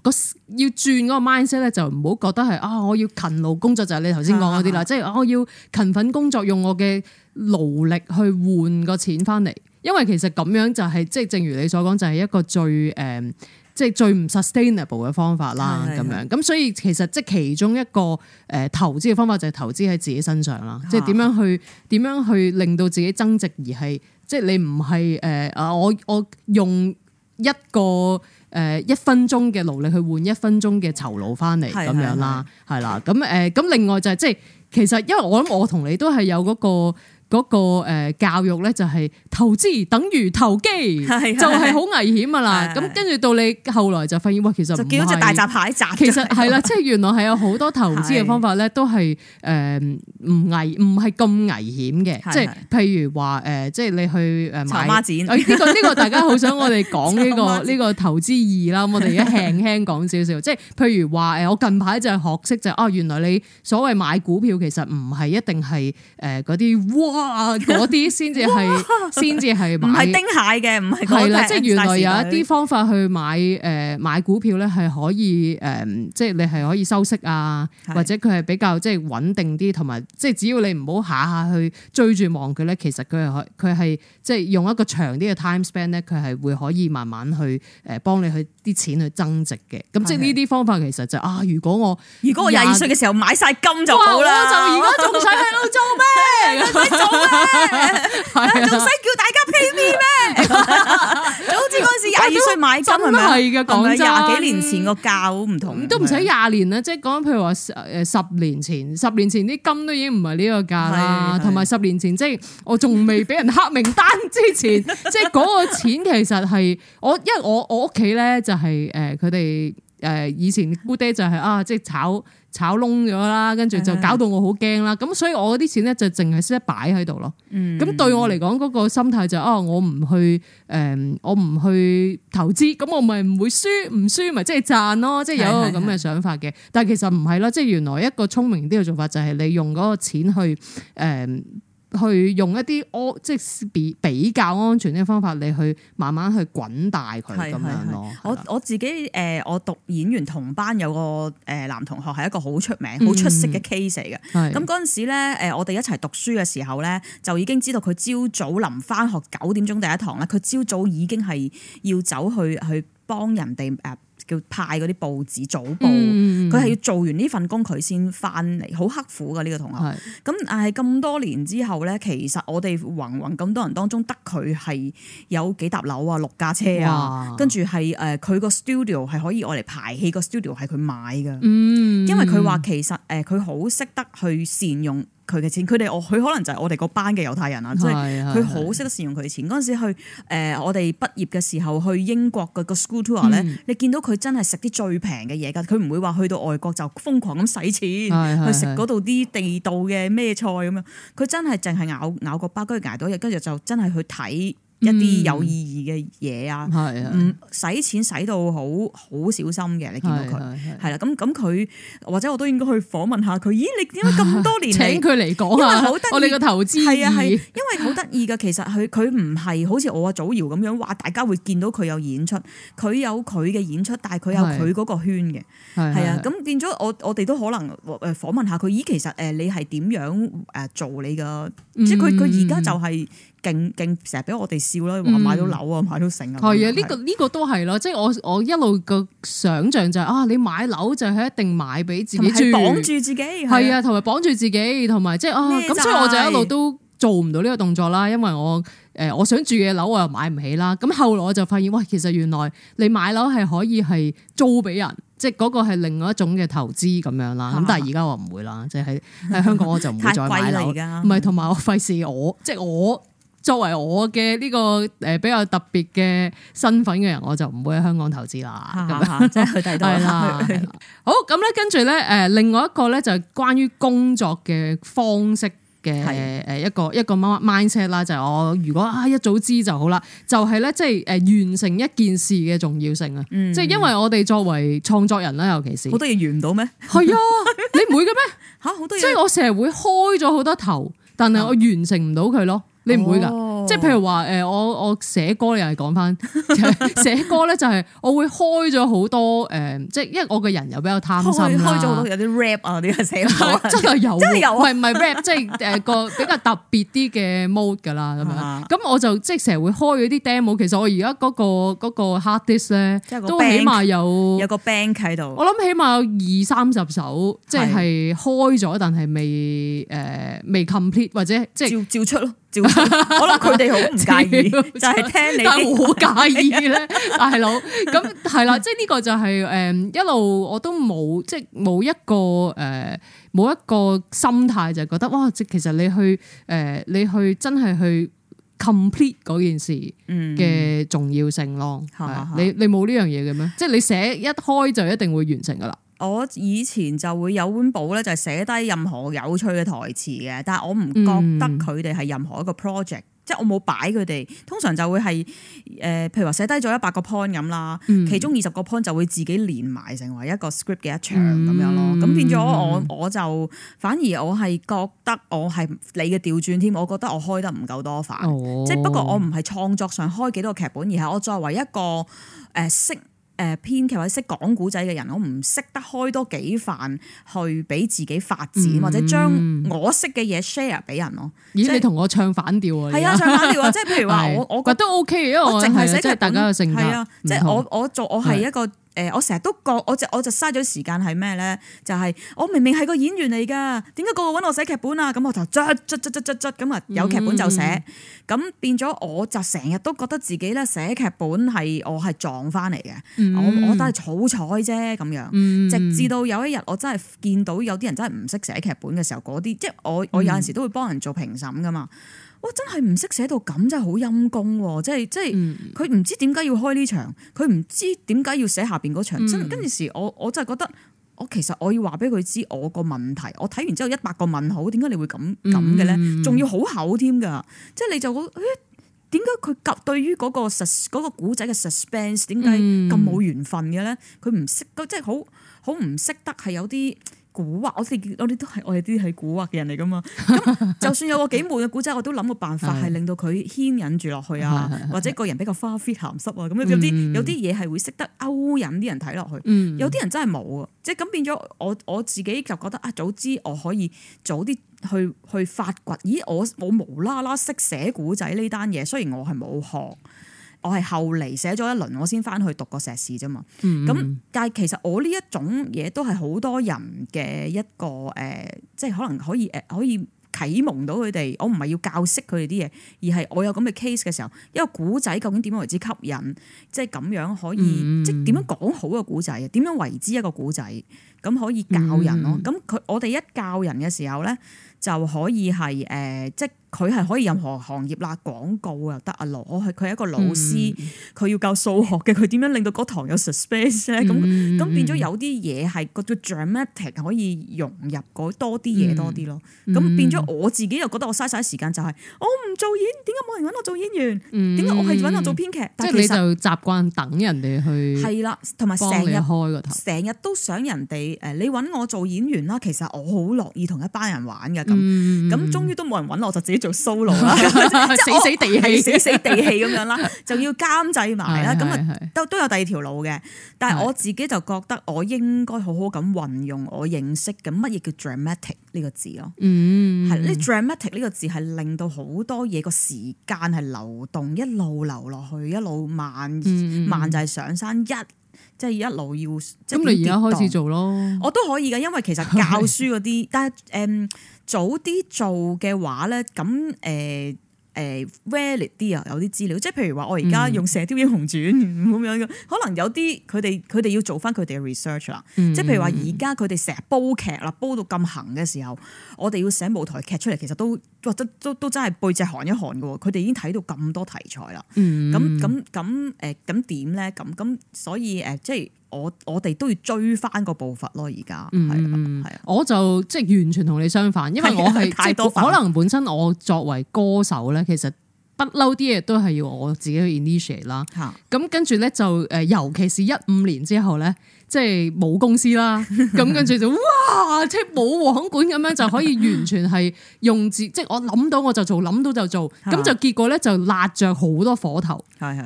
要轉嗰個 mindset 咧，就唔好覺得係啊、哦！我要勤勞工作就係、是、你頭先講嗰啲啦，是是是即係我要勤奮工作，用我嘅勞力去換個錢翻嚟。因為其實咁樣就係、是、即係正如你所講，就係、是、一個最誒、呃，即係最唔 sustainable 嘅方法啦。咁是樣咁所以其實即係其中一個誒、呃、投資嘅方法就係投資喺自己身上啦，是是即係點樣去點樣去令到自己增值，而係即係你唔係誒啊！我我用一個。誒一分鐘嘅勞力去換一分鐘嘅酬勞翻嚟咁樣啦，係啦，咁誒咁另外就係即係其實因為我諗我同你都係有嗰個。嗰個教育咧就係投資等於投機，是的 就係好危險啊啦！咁跟住到你後來就發現，哇，其實就到隻大閘蟹其實係啦，即係原來係有好多投資嘅方法咧，是的 都係誒唔危唔係咁危險嘅是的、呃。即係譬如話誒，即係你去誒買炒孖展。呢是的、呢個呢、呢個大家好想我哋講呢個呢 個投資二啦。我哋而家輕輕講少少，即係 譬如話誒，我近排就學識就哦，原來你所謂買股票其實唔係一定係誒嗰啲。嗰啲先至係，先至係唔係丁蟹嘅，唔係係啦，即係原來有一啲方法去買誒、呃、買股票咧，係可以誒，即、呃、係、就是、你係可以收息啊，是的 或者佢係比較即係穩定啲，同埋即係只要你唔好下下去追住望佢咧，其實佢係佢係即係用一個長啲嘅 time span 咧，佢係會可以慢慢去誒幫你去啲錢去增值嘅。咁即係呢啲方法其實就是、啊，如果我是的 如果我廿二歲嘅時候買晒金就好啦，就如果仲想喺度做咩？ 咩？仲使叫大家 pay me 咩？早知嗰陣時廿二歲買金係咪？都係嘅，講廿幾年前個價好唔同，都唔使廿年啦。即係講，譬如話誒十年前，十年前啲金都已經唔係呢個價啦。同埋十年前，即係 我仲未俾人黑名單之前，即係嗰個錢其實係我，因為我我屋企咧就係、是、誒，佢哋誒以前姑爹就係、是、啊，即、就、係、是、炒。炒窿咗啦，跟住就搞到我好驚啦。咁是的 所以我啲錢咧就淨係識得擺喺度咯。咁、嗯、對我嚟講，嗰、那個心態就是，哦，我唔去誒、呃，我唔去投資，咁我咪唔會輸，唔輸咪即係賺咯，即、就、係、是就是、有一個咁嘅想法嘅。是的 但係其實唔係啦，即係原來一個聰明啲嘅做法就係你用嗰個錢去誒。呃去用一啲安即係比比較安全嘅方法，你去慢慢去滾大佢咁樣咯。我我自己誒，我讀演員同班有個誒男同學，係一個好出名、好、嗯、出色嘅 case 嚟嘅。咁嗰陣時咧，誒我哋一齊讀書嘅時候咧，就已經知道佢朝早臨翻學九點鐘第一堂啦。佢朝早已經係要走去去幫人哋誒。呃叫派嗰啲報紙早報，佢係、嗯、要做完呢份工佢先返嚟，好刻苦噶呢個同學。咁但係咁多年之後咧，其實我哋芸芸咁多人當中，得佢係有幾沓樓啊，六架車啊，哇跟住係誒佢個 studio 係可以我嚟排戲，個 studio 係佢買噶，嗯，因為佢話其實誒佢好識得去善用。佢嘅錢，佢哋我佢可能就係我哋嗰班嘅猶太人啊，即係佢好識得善用佢嘅錢。嗰陣是時去誒、呃、我哋畢業嘅時候去英國嘅個 school tour 咧，嗯、你見到佢真係食啲最平嘅嘢㗎，佢唔會話去到外國就瘋狂咁使錢是是是去食嗰度啲地道嘅咩菜咁樣，佢真係淨係咬咬個包，跟住捱到日，跟住就真係去睇。一啲有意義嘅嘢啊，唔使、嗯、錢使到好好小心嘅，你見到佢係啦。咁咁佢或者我都應該去訪問下佢。咦？你點解咁多年請佢嚟講好得我哋嘅投資意係啊係，因為好得意嘅。其實佢佢唔係好似我阿祖耀咁樣話，大家會見到佢有演出，佢有佢嘅演出，但係佢有佢嗰個圈嘅係啊。咁變咗我我哋都可能誒訪問下佢。咦？其實誒你係點樣誒做你嘅？嗯、即係佢佢而家就係、是。勁勁成日俾我哋笑囉，話買到樓啊，嗯、買到成啊。係啊，呢、這個呢、這個都係咯，即、就、係、是，我我一路嘅想象就係、是、啊，你買樓就係一定買俾自己住，綁住自己係啊，同埋綁住自己，同埋即係啊，咁所以我就一路都做唔到呢個動作啦，因為我誒我想住嘅樓我又買唔起啦。咁後來我就發現，哇，其實原來你買樓係可以係租俾人，即係嗰個係另外一種嘅投資咁樣啦。咁、啊、但係而家我唔會啦，即係喺香港我就唔會再買樓。唔係，同埋我費事我即係我。就是我作為我嘅呢個誒比較特別嘅身份嘅人，我就唔會喺香港投資啦。咁哈樣 即係去睇多啲啦。好咁咧，跟住咧誒，另外一個咧就係關於工作嘅方式嘅誒一個的一個 mindset 啦，就係我如果啊一早知就好啦，就係咧即係誒完成一件事嘅重要性啊。即係、嗯、因為我哋作為創作人啦，尤其是好多嘢完唔到咩？係 啊，你唔會嘅咩？吓好 多嘢，即係我成日會開咗好多頭，但係我完成唔到佢咯。你唔會㗎，哦、即係譬如話誒，我我寫歌又係講返寫歌咧，就係我會開咗好多誒，即係因為我個人又比較貪心啦，開咗好多有啲 rap 啊呢個寫 真係有，真係有、啊，唔係唔係 rap，即係誒個比較特別啲嘅 mode 㗎啦咁樣。咁 我就即係成日會開咗啲 demo。其實我而家嗰個 hard disk 咧，嗰個、呢 bank, 都起碼有有個 bank 喺度。我諗起碼有二三十首，即係開咗，但係未誒未，未 complete 或者即係照出咯。可能佢哋好唔介意，相就係聽你。但係我好介意咧， 大佬咁係啦，即係呢個就係、是、誒，um, 一路我都冇即係冇一個誒冇、uh, 一個心態就係覺得哇，即係其實你去誒、uh, 你去真係去 complete 嗰件事嘅重要性咯。你 你冇呢樣嘢嘅咩？即係你寫一開就一定會完成噶啦。我以前就會有本簿咧，就係寫低任何有趣嘅台詞嘅，但係我唔覺得佢哋係任何一個 project，即係我冇擺佢哋。通常就會係誒，譬如話寫低咗一百個 point 咁啦，嗯、其中二十個 point 就會自己連埋成為一個 script 嘅一場咁、嗯、樣咯。咁變咗我我就反而我係覺得我係你嘅調轉添，我覺得我開得唔夠多飯，即係、哦、不過我唔係創作上開幾多個劇本，而係我作為一個誒識。呃誒編劇或者識講古仔嘅人，我唔識得開多幾範去俾自己發展，嗯、或者將我識嘅嘢 share 俾人咯。咦、嗯？即係、你同我唱反調啊？係啊，唱反調啊！即係譬如話，我對我覺得 OK，因為我淨係識大家嘅性格，即係、即係、我我做我係一個。誒，我成日都覺我就我就嘥咗時間係咩咧？就係、是、我明明係個演員嚟㗎，點解個個搵我寫劇本啊？咁我就「卒卒卒卒卒」捽咁啊，有劇本就寫。咁、嗯、變咗我就成日都覺得自己咧寫劇本係我係撞翻嚟嘅。我、嗯、我，我都係好彩啫咁樣。直至到有一日我真係見到有啲人真係唔識寫劇本嘅時候，嗰啲即係我我有陣時都會幫人做評審㗎嘛。我真係唔識寫到咁，真係好陰功喎！即係即係，佢唔、嗯、知點解要開呢場，佢唔知點解要寫下邊嗰場。真、嗯、跟住時，我我真係覺得，我其實我要話俾佢知我個問題。我睇完之後一百個問號，點解你會咁咁嘅咧？仲要好厚添㗎，即係你就好，點解佢及對於嗰、嗰個、嗰個古仔嘅 suspense 點解咁冇緣分嘅咧？佢唔識，佢即係好好唔識得，係有啲，古惑，我哋我哋都係我哋啲係古惑嘅人嚟噶嘛，咁 就算有個幾悶嘅古仔，我都諗個辦法係令到佢牽引住落去啊， 或者個人比較花 fit 鹹濕啊，咁你知唔知，有啲嘢係會識得勾引啲人睇落去， 有啲人真係冇啊，即係咁變咗我我自己就覺得啊，早知我可以早啲去去發掘，咦，我冇無啦啦識寫古仔呢單嘢，雖然我係冇學。我係後嚟寫咗一輪，我先翻去讀個碩士啫嘛。咁、嗯，但係其實我呢一種嘢都係好多人嘅一個誒、呃，即係可能可以誒、呃，可以啟蒙到佢哋。我唔係要教識佢哋啲嘢，而係我有咁嘅 case 嘅時候，一個古仔究竟點樣為之吸引？即係咁樣可以，嗯、即係點樣講好個古仔啊？點樣為之一個古仔？咁可以教人咯。咁佢、嗯、我哋一教人嘅時候咧，就可以係誒、呃，即佢係可以任何行業啦，廣告又得啊！羅，我係佢係一個老師，佢、嗯、要教數學嘅，佢點樣令到嗰堂有 suspense 咧？咁咁、嗯、變咗有啲嘢係個 dramatic 可以融入嗰多啲嘢多啲咯。咁、嗯、變咗我自己又覺得我嘥晒時間、就係，就係我唔做演，點解冇人揾我做演員？點解、嗯、我係揾我做編劇？但係你就習慣等人哋去係啦，同埋成日開個頭，成日都想人哋誒你揾我做演員啦。其實我好樂意同一班人玩嘅咁，咁、嗯、終於都冇人揾我就自做 solo 啦 我，死死地氣死死地氣咁樣啦， 就要監製埋啦，咁啊都都有第二條路嘅。是是但係我自己就覺得，我應該好好咁運用我認識嘅乜嘢叫 dramatic 呢個字咯。嗯，係呢 dramatic 呢個字係令到好多嘢個時間係流動，一路流落去，一路慢、嗯、慢就係上山一，即、就、係、是、一路要。咁你而家開始做咯？我都可以噶，因為其實教書嗰啲，但係誒。Um, 早啲做嘅話咧，咁誒誒 valid 啲啊，有啲資料。即係譬如話，我而家用《射雕英雄傳》咁、嗯、樣嘅，可能有啲佢哋佢哋要做翻佢哋嘅 research 啦。即係、嗯、譬如話，而家佢哋成日煲劇啦，煲到咁行嘅時候，我哋要寫舞台劇出嚟，其實都或都都都真係背脊行一行嘅喎。佢哋已經睇到咁多題材啦。咁咁咁誒，咁點咧？咁咁、呃、所以誒、呃，即係。我我哋都要追翻個步伐咯，而家係係啊，嗯、吧我就即係完全同你相反，因為我係 多煩 可能本身我作為歌手咧，其實不嬲啲嘢都係要我自己去 initiate 啦。咁的跟住咧就誒，尤其是一五年之後咧。即係冇公司啦，咁跟住就哇！即係冇王管咁樣就可以完全係用自，即係我諗到我就做，諗到就做，咁就結果咧就辣着好多火頭，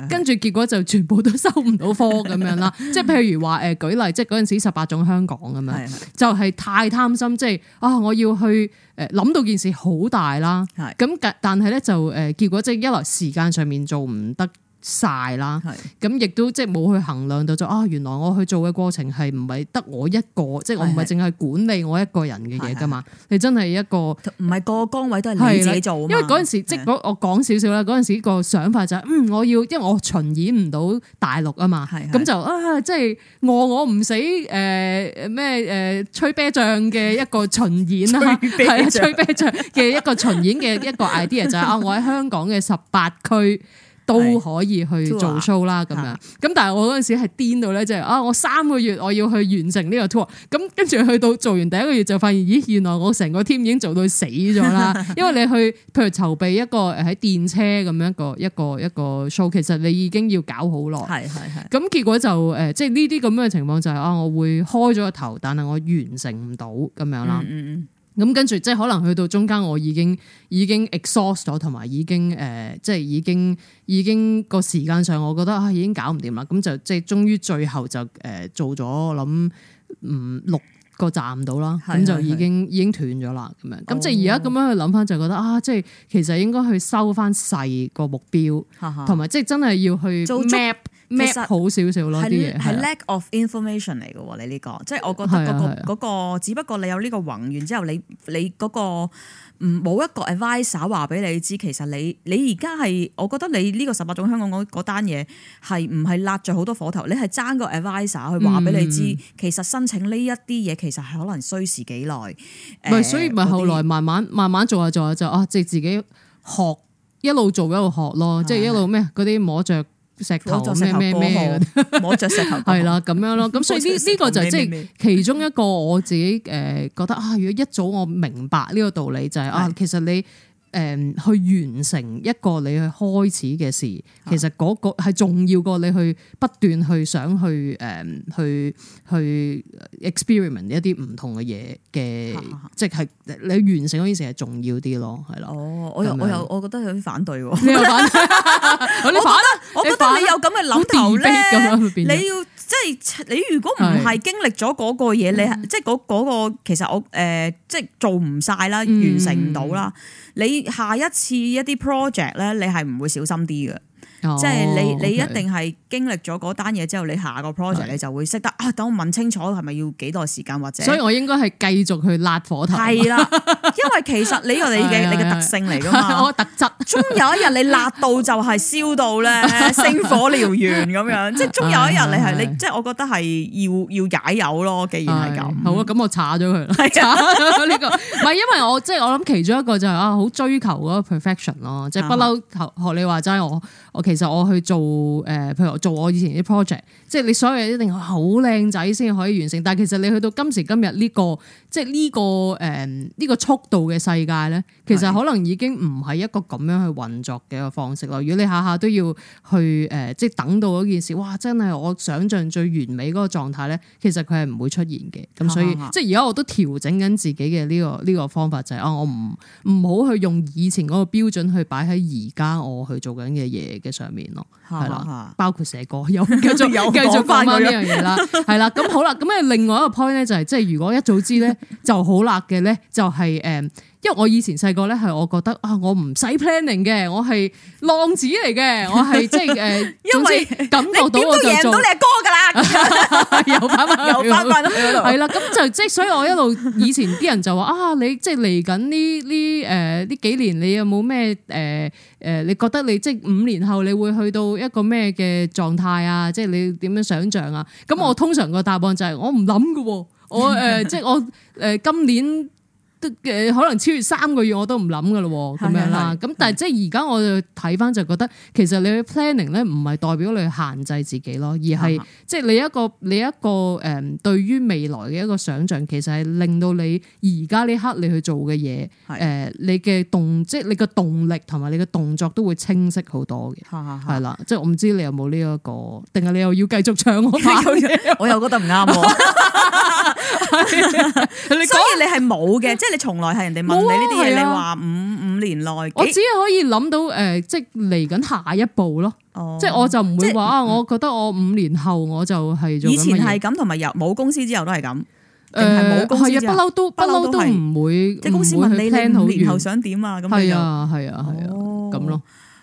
跟住結果就全部都收唔到科咁樣啦。即係譬如話誒，舉例，即係嗰陣時十八種香港咁樣，就係、是、太貪心，即係啊、哦，我要去誒諗到件事好大啦，咁但係咧就誒結果即係一來時間上面做唔得。晒啦，咁亦都即係冇去衡量到就啊，原來我去做嘅過程係唔係得我一個，即係是的 我唔係淨係管理我一個人嘅嘢㗎嘛？是的 你真係一個唔係個個崗位都係你自己做啊嘛。因為嗰陣時即是的 我講少少啦，嗰陣時個想法就係、是、嗯，我要因為我巡演唔到大陸是的 啊嘛，咁就啊即係餓我唔死誒咩誒吹啤仗嘅一個巡演啊，係 吹啤仗醬嘅一個巡演嘅一個 idea 就係啊，我喺香港嘅十八區，都可以去做 show 啦，咁樣是，咁但係我嗰陣時係癲到咧，即係、啊，我三個月我要去完成呢個 tour，咁跟住去到做完第一個月就發現，咦，原來我成個 team 已經做到死咗啦， 因為你去，譬如籌備一個喺電車咁樣一個一個一個 show，其實你已經要搞好耐，係係係，咁結果就誒，即係呢啲咁樣嘅情況就係、是、啊，我會開咗個頭，但係我完成唔到咁樣啦。嗯嗯咁跟住，即係可能去到中間，我已經已經 exhaust 咗，同埋已經誒，即係已經已經個時間上，我覺得啊，已經搞唔掂啦。咁就即係終於最後就誒、呃、做咗諗五六個站到啦，咁是就已經已經斷咗啦。咁樣，咁即係而家咁樣去諗翻，就覺得啊，即係其實應該去收翻細個目標，同埋哈哈 即係真係要去足 map 其實好少少咯啲嘢，係 lack of information 嚟嘅喎。的你呢、這個，即係我覺得嗰、那個嗰的、那個那個，只不過你有呢個宏願之後你，你你嗰個唔冇一個 adviser 話俾你知，其實你你而家係，我覺得你呢個十八種香港嗰單嘢係唔係揦著好多火頭，你係爭個 adviser 去話俾你知，嗯、其實申請呢一啲嘢其實係可能需時幾耐。唔係，所以咪係後來慢慢慢慢做下做下就啊，即係自己，自己學一路做一路學咯，即係一路咩嗰啲摸着。石頭咩咩咩，摸著石頭係啦咁樣咯，咁 所以呢呢個就係即係其中一個我自己誒覺得啊，如果一早我明白呢個道理就係、是、的啊，其實你。誒 去完成一個你去開始嘅事，其實嗰個係重要過你去不斷去想去誒去去 experiment 一啲唔同嘅嘢嘅，即係你完成嗰件事係重要啲咯，係啦、哦。我又樣我又，我，又我覺得有啲反對喎。你反？我覺得我覺得你有咁嘅諗頭咧，你，樣你要即係你如果唔係經歷咗嗰個嘢，是你即係、那、嗰個其實我誒即係做唔晒啦，完成唔到啦，嗯、你。下一次一啲 project 咧，你係唔會小心啲嘅。即係你，你一定係經歷咗嗰單嘢之後你下個 project 你就會識得啊。等我問清楚係咪要幾耐時間，或者所以我應該係繼續去辣火頭。係啦，因為其實呢個你嘅你嘅特性嚟噶嘛，我特質終有一日你辣到就係燒到咧，星火燎原咁樣。即係終有一日你係你，即係我覺得係要要解僱咯。既然係咁，好啊，咁我炒咗佢啦。係，呢個唔係因為我即係我諗其中一個就係啊，好追求嗰個 perfection 咯，即係不嬲學學你話齋我。我其實我去做誒，譬、呃、如我做我以前啲 project。即係你所謂一定好靚仔先可以完成，但係其實你去到今時今日呢、呢個即係、呢、呢個誒呢、嗯呢個速度嘅世界咧，其實可能已經唔係一個咁樣去運作嘅方式咯。如果你下下都要去誒，即係等到嗰件事，哇！真係我想像最完美嗰個狀態咧，其實佢係唔會出現嘅。咁所以 即係而家我都調整緊自己嘅呢、呢個呢、呢個方法、就係，就係我唔唔好去用以前嗰個標準去擺喺而家我去做緊嘅嘢嘅上面咯，係啦， 包括寫歌有繼續有。 講翻呢樣嘢啦，係啦， 咁好啦，咁嘅另外一個 point 咧就係、是，即係如果一早知咧就好辣嘅咧，就係誒、就是。嗯因為我以前細個咧，係我覺得啊，我唔使 planning 嘅，我係浪子嚟嘅，我係即係誒，因、呃、為感覺到我就做，點都贏到你阿哥噶啦， 又翻翻， 又翻翻都係啦。咁 就即係，所以我一路以前啲人就話啊，你即係嚟緊呢呢誒呢幾年，你有冇咩誒誒？你覺得你即係五年後你會去到一個咩嘅狀態啊？即係你點樣想象啊？咁我通常個答案就係我唔諗噶，我誒、呃、即係我誒今年。 誒，可能超越三個月我都唔諗噶咯，咁是的 樣啦。咁的但係即係而家我就睇返就覺得，其實你 planning 咧，唔係代表你限制自己咯，而係即係你一個你一個誒，對於未來嘅一個想象，其實係令到你而家呢刻你去做嘅嘢，誒是的，就是、你嘅動即係你嘅動力同埋你嘅動作都會清晰好多嘅。係啦，即係我唔知你有冇呢一個，定係你又要繼續唱我、嗯？我又覺得唔啱。 你講。你係冇嘅，即係你從來係人哋問你呢啲嘢，你話五五年內，我只係可以諗到誒，即係嚟緊下一步咯。即係我就唔會話，我覺得我五年後我就係做。以前係咁，同埋由冇公司之後都係咁。誒，冇公司之後不嬲都不嬲都唔會，即係公司問你你五年後想點啊？咁樣又係啊，係啊，係啊，咁咯。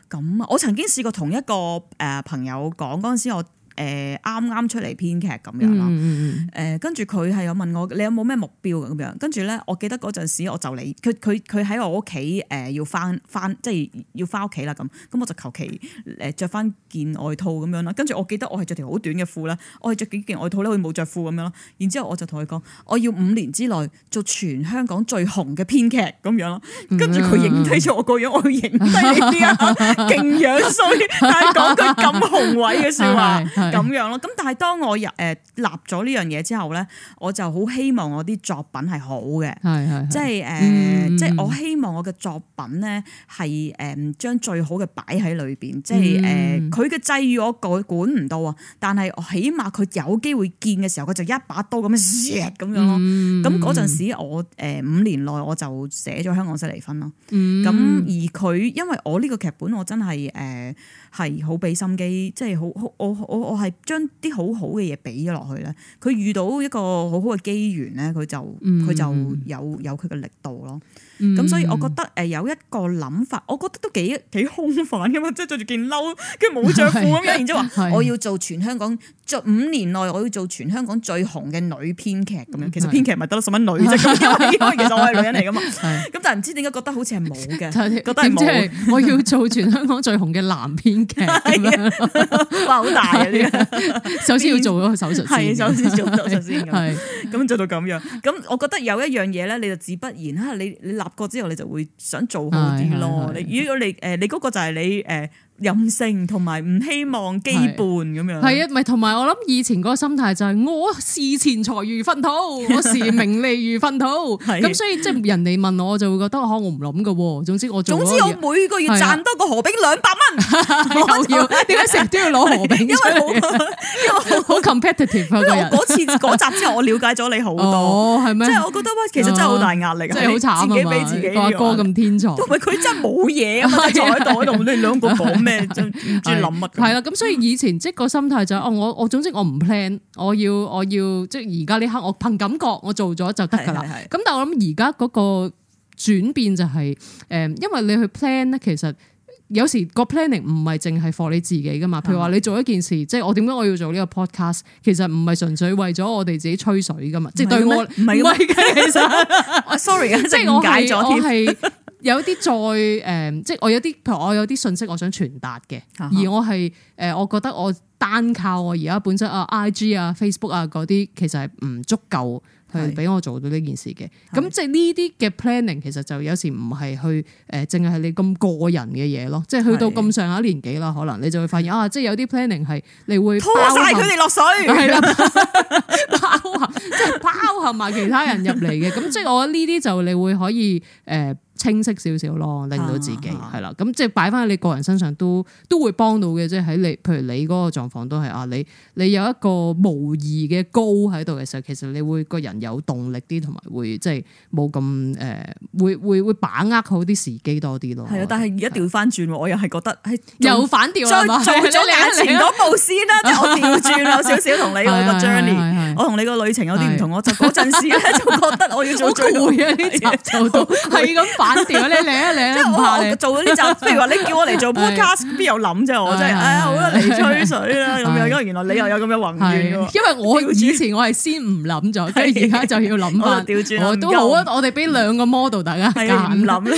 咁啊，我曾經試過同一個誒朋友講嗰陣時我。誒，啱啱出嚟編劇咁樣咯，誒、呃，跟住佢係有問我，你有冇咩目標咁樣，跟住咧，我記得嗰陣時我就嚟，佢佢佢喺我屋企誒，即要翻翻即係要翻屋企啦咁，咁我就求其誒着翻件外套咁樣啦，跟住我記得我係着條好短嘅褲啦，我係着幾件外套咧，我冇着褲咁樣咯，然之後我就同佢講，我要五年之內做全香港最紅嘅編劇咁樣咯，跟住佢影低咗我個樣，我影低你啲啊，勁樣衰，但係講句咁宏偉嘅說話。咁樣咯，咁但係當我入誒立咗呢樣嘢之後咧，我就好希望我啲作品係好嘅，係係，即係是誒，嗯、即係我希望我嘅作品咧係誒將最好嘅擺喺裏邊，嗯、即係誒佢嘅際遇我改管唔到啊，但係起碼佢有機會見嘅時候，佢就一把刀咁樣削咁、嗯、樣咯，咁嗰陣時我誒五年內我就寫咗《香港式離婚》咯，咁、嗯、而佢因為我呢個劇本我真係誒係好俾心機，即係好好我我。我係將啲好好嘅嘢俾咗落去咧，佢遇到一個好好嘅機緣咧，佢就佢、嗯、就有有佢嘅力度咯。咁所以，我覺得誒有一個諗法，我覺得都幾幾空泛嘅嘛，即係著住件褸，跟住冇着褲咁樣，然之後話我要做全香港，五年內我要做全香港最紅嘅女編劇咁樣。其實編劇咪得咯，十蚊女啫，因為其實我係女人嚟噶嘛。咁但係唔知點解覺得好似係冇嘅，覺得係冇。我要做全香港最紅嘅男編劇咁樣， 哇！好、這個、大啊！首先要做咗個手術，係首先做手術先。咁做到咁樣。咁我覺得有一樣嘢咧，你就自不然你你立。過之後你就會想做好啲咯。對對對，如果你誒，你嗰個就係你誒。呃任性同埋唔希望羈絆咁樣，係啊，咪同埋我諗以前嗰個心態就係我視錢財如糞土，我視名利如糞土。咁所以即係人哋問我，我就會覺得我唔諗㗎。總之我總之我每個月賺多個何冰兩百蚊，兩百蚊點解成日都要攞何冰？因為我因為我好 competitive。嗰次嗰集之後，我了解咗你好多，係咪？即係我覺得喂，其實真係好大壓力，即係好慘，自己畀自己啊嘛！個哥咁天才，同埋佢真係冇嘢啊嘛！坐喺度，你兩個講咩？係啦，咁、 就是、所以以前即個心態就係、哦，我我總之我唔 plan，我要我要即而家呢刻我憑感覺我做咗就得噶啦。咁但係我諗而家嗰個轉變就係、是、誒，因為你去 plan 咧，其實有時個 planning 唔係淨係 for 你自己噶嘛。譬如話你做一件事，即我點解我要做呢個 podcast？其實唔係純粹為咗我哋自己吹水噶嘛，即對我唔係噶，是是其實 sorry，即解我解咗添。 有啲再誒、呃，即係我有啲，譬如我有啲信息我想傳達嘅，啊、哈 而我係誒、呃，我覺得我單靠我而家本身啊，I G 啊、IG, Facebook 啊嗰啲，其實係唔足夠去俾我做到呢件事嘅。咁即係呢啲嘅 planning 其實就有時唔係去誒，淨、呃、係你咁個人嘅嘢咯。即係去到咁上下年紀啦，可能你就會發現啊，即係有啲 planning 係你會拖晒佢哋落水，係啦， 包含即係包含埋其他人入嚟嘅。咁即係我呢啲就你會可以誒。呃呃呃清晰少少咯，令到自己係啦，咁即係擺翻喺你個人身上都都會幫到嘅，即係喺你，譬如你嗰個狀況都係啊，你你有一個無疑嘅高喺度嘅時候，其實你會個人有動力啲，同埋會即係冇咁誒，會會會把握好啲時機多啲咯。係啊，但係而家調翻轉，我又係覺得誒，又反調啦，做咗眼前嗰部先啦，就調轉有少少同你個 journey，我同你個旅程有啲唔同，我就嗰陣時咧就覺得我要做做，係咁。做咗啲就，譬如話你叫我嚟做 podcast，邊有諗啫？我真係，哎呀，好得嚟吹水啦咁樣。因為原來你又有咁嘅運氣，因為我以前我係先唔諗咗，所以而家就要諗啦。我都好，我哋俾兩個 model 大家係呀唔諗咧。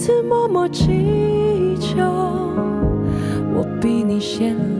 次默默祈求，我比你先。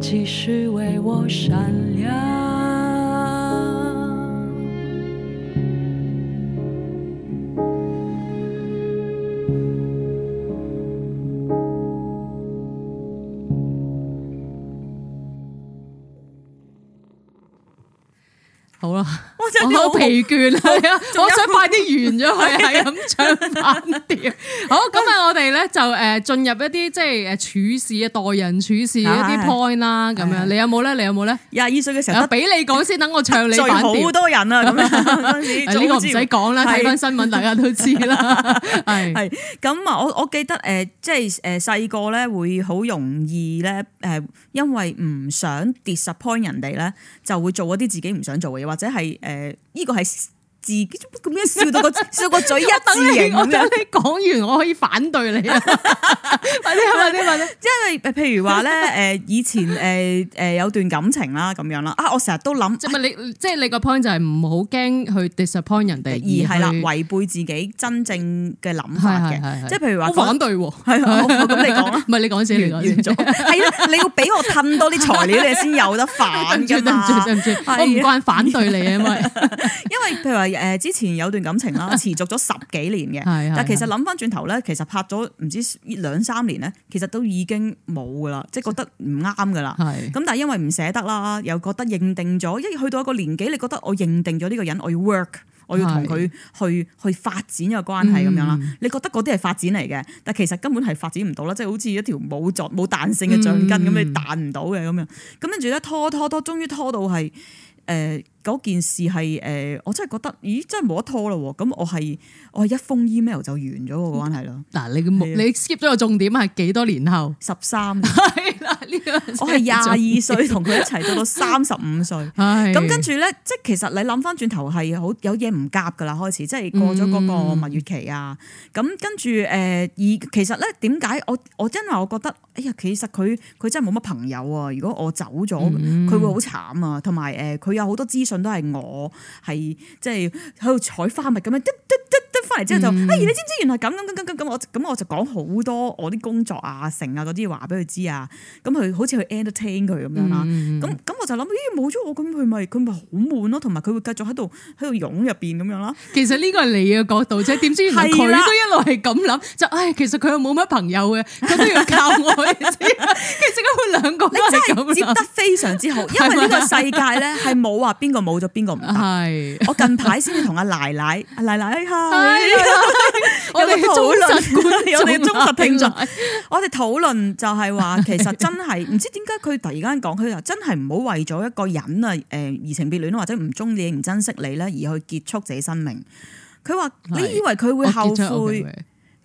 繼續為我閃亮。好疲倦啊！我想快啲完咗佢，係咁唱反調。好，今日我哋咧就誒進入一啲即係誒處事啊，待人處事一啲 point 啦。咁樣你有冇咧？你有冇咧？廿二歲嘅時候，俾你講先，等我唱你反調。好多人啊，咁樣呢個唔使講啦，睇翻新聞大家都知啦。係係咁啊！我我記得誒，即係誒細個咧會好容易咧，誒因為唔想 disappoint 人哋咧，就會做一啲自己唔想做嘅嘢，或者係誒。呢個係。自己咁樣笑到個笑個嘴一字型咁講完我可以反對你啊！快啲，快啲問啦，因為誒，譬如話咧，誒以前誒誒有段感情啦，咁樣啦，啊，我成日都諗，即係你即係你個 point 就係唔好驚去 disappoint 人哋，而係違背自己真正嘅諗法嘅，即係譬如話，反對喎，係啊，咁你講唔係你講先，完咗，係你要俾我吞多啲材料你先有得反㗎，我唔慣反對你啊，因為，因為譬如話。誒，之前有段感情啦，持續咗十幾年嘅， 是的 但其實諗翻轉頭咧，其實拍咗唔知兩三年咧，其實都已經冇噶啦，即係覺得唔啱噶啦。咁，是的 但係因為唔捨得啦，又覺得認定咗，一去到一個年紀，你覺得我認定咗呢個人，我要 work，我要同佢去是的 去發展呢個關係咁樣啦。嗯、你覺得嗰啲係發展嚟嘅，但其實根本係發展唔到啦，即係好似一條冇狀冇彈性嘅橡筋咁，你彈唔到嘅咁樣。咁跟住咧拖拖拖，終於拖到係誒嗰、呃、件事係誒、呃，我真係覺得，咦，真係冇得拖咯喎！咁我係我係一封 email 就完咗個關係啦。嗱、啊，你嘅目的你 skip 咗個重點係幾多年後？十三。 我係廿二歲同佢一齊到到三十五歲，咁跟住咧，即係其實你諗翻轉頭係好有嘢唔夾噶啦，開始即係過咗嗰個蜜月期啊。咁跟住誒，而其實咧點解我我因為我覺得哎呀，其實佢佢真係冇乜朋友啊。如果我走咗，佢會好慘啊。同埋誒，佢有好多資訊都係我係即係喺度採花蜜咁樣，滴滴。翻嚟之後就，嗯、哎，你知唔知原來咁咁咁咁咁，我咁我就講好多我啲工作啊、成啊嗰啲話俾佢知啊，咁佢好似去 entertain 佢咁樣啦，咁咁、嗯。我就諗，咦，冇咗我咁，佢咪佢咪好悶咯，同埋佢會繼續喺度喺度擁入邊咁樣啦了。其實呢個係你嘅角度啫，點知佢都一路係咁諗，就唉其實佢又冇乜朋友嘅，佢都要靠我。跟住點解佢兩個你真係接得非常之好，因為呢個世界咧，係冇話邊個冇咗邊個唔係。是是我近排先至同阿奶奶 阿奶奶、哎啊、 我哋討論我哋忠實聽眾，我哋討論就係、是、話其實真係唔 知點解佢突然間講，佢又真係唔好話。為咗一個人啊，誒，移情別戀或者唔中意你，唔珍惜你咧，而去結束自己生命。佢話，你以為佢會後悔？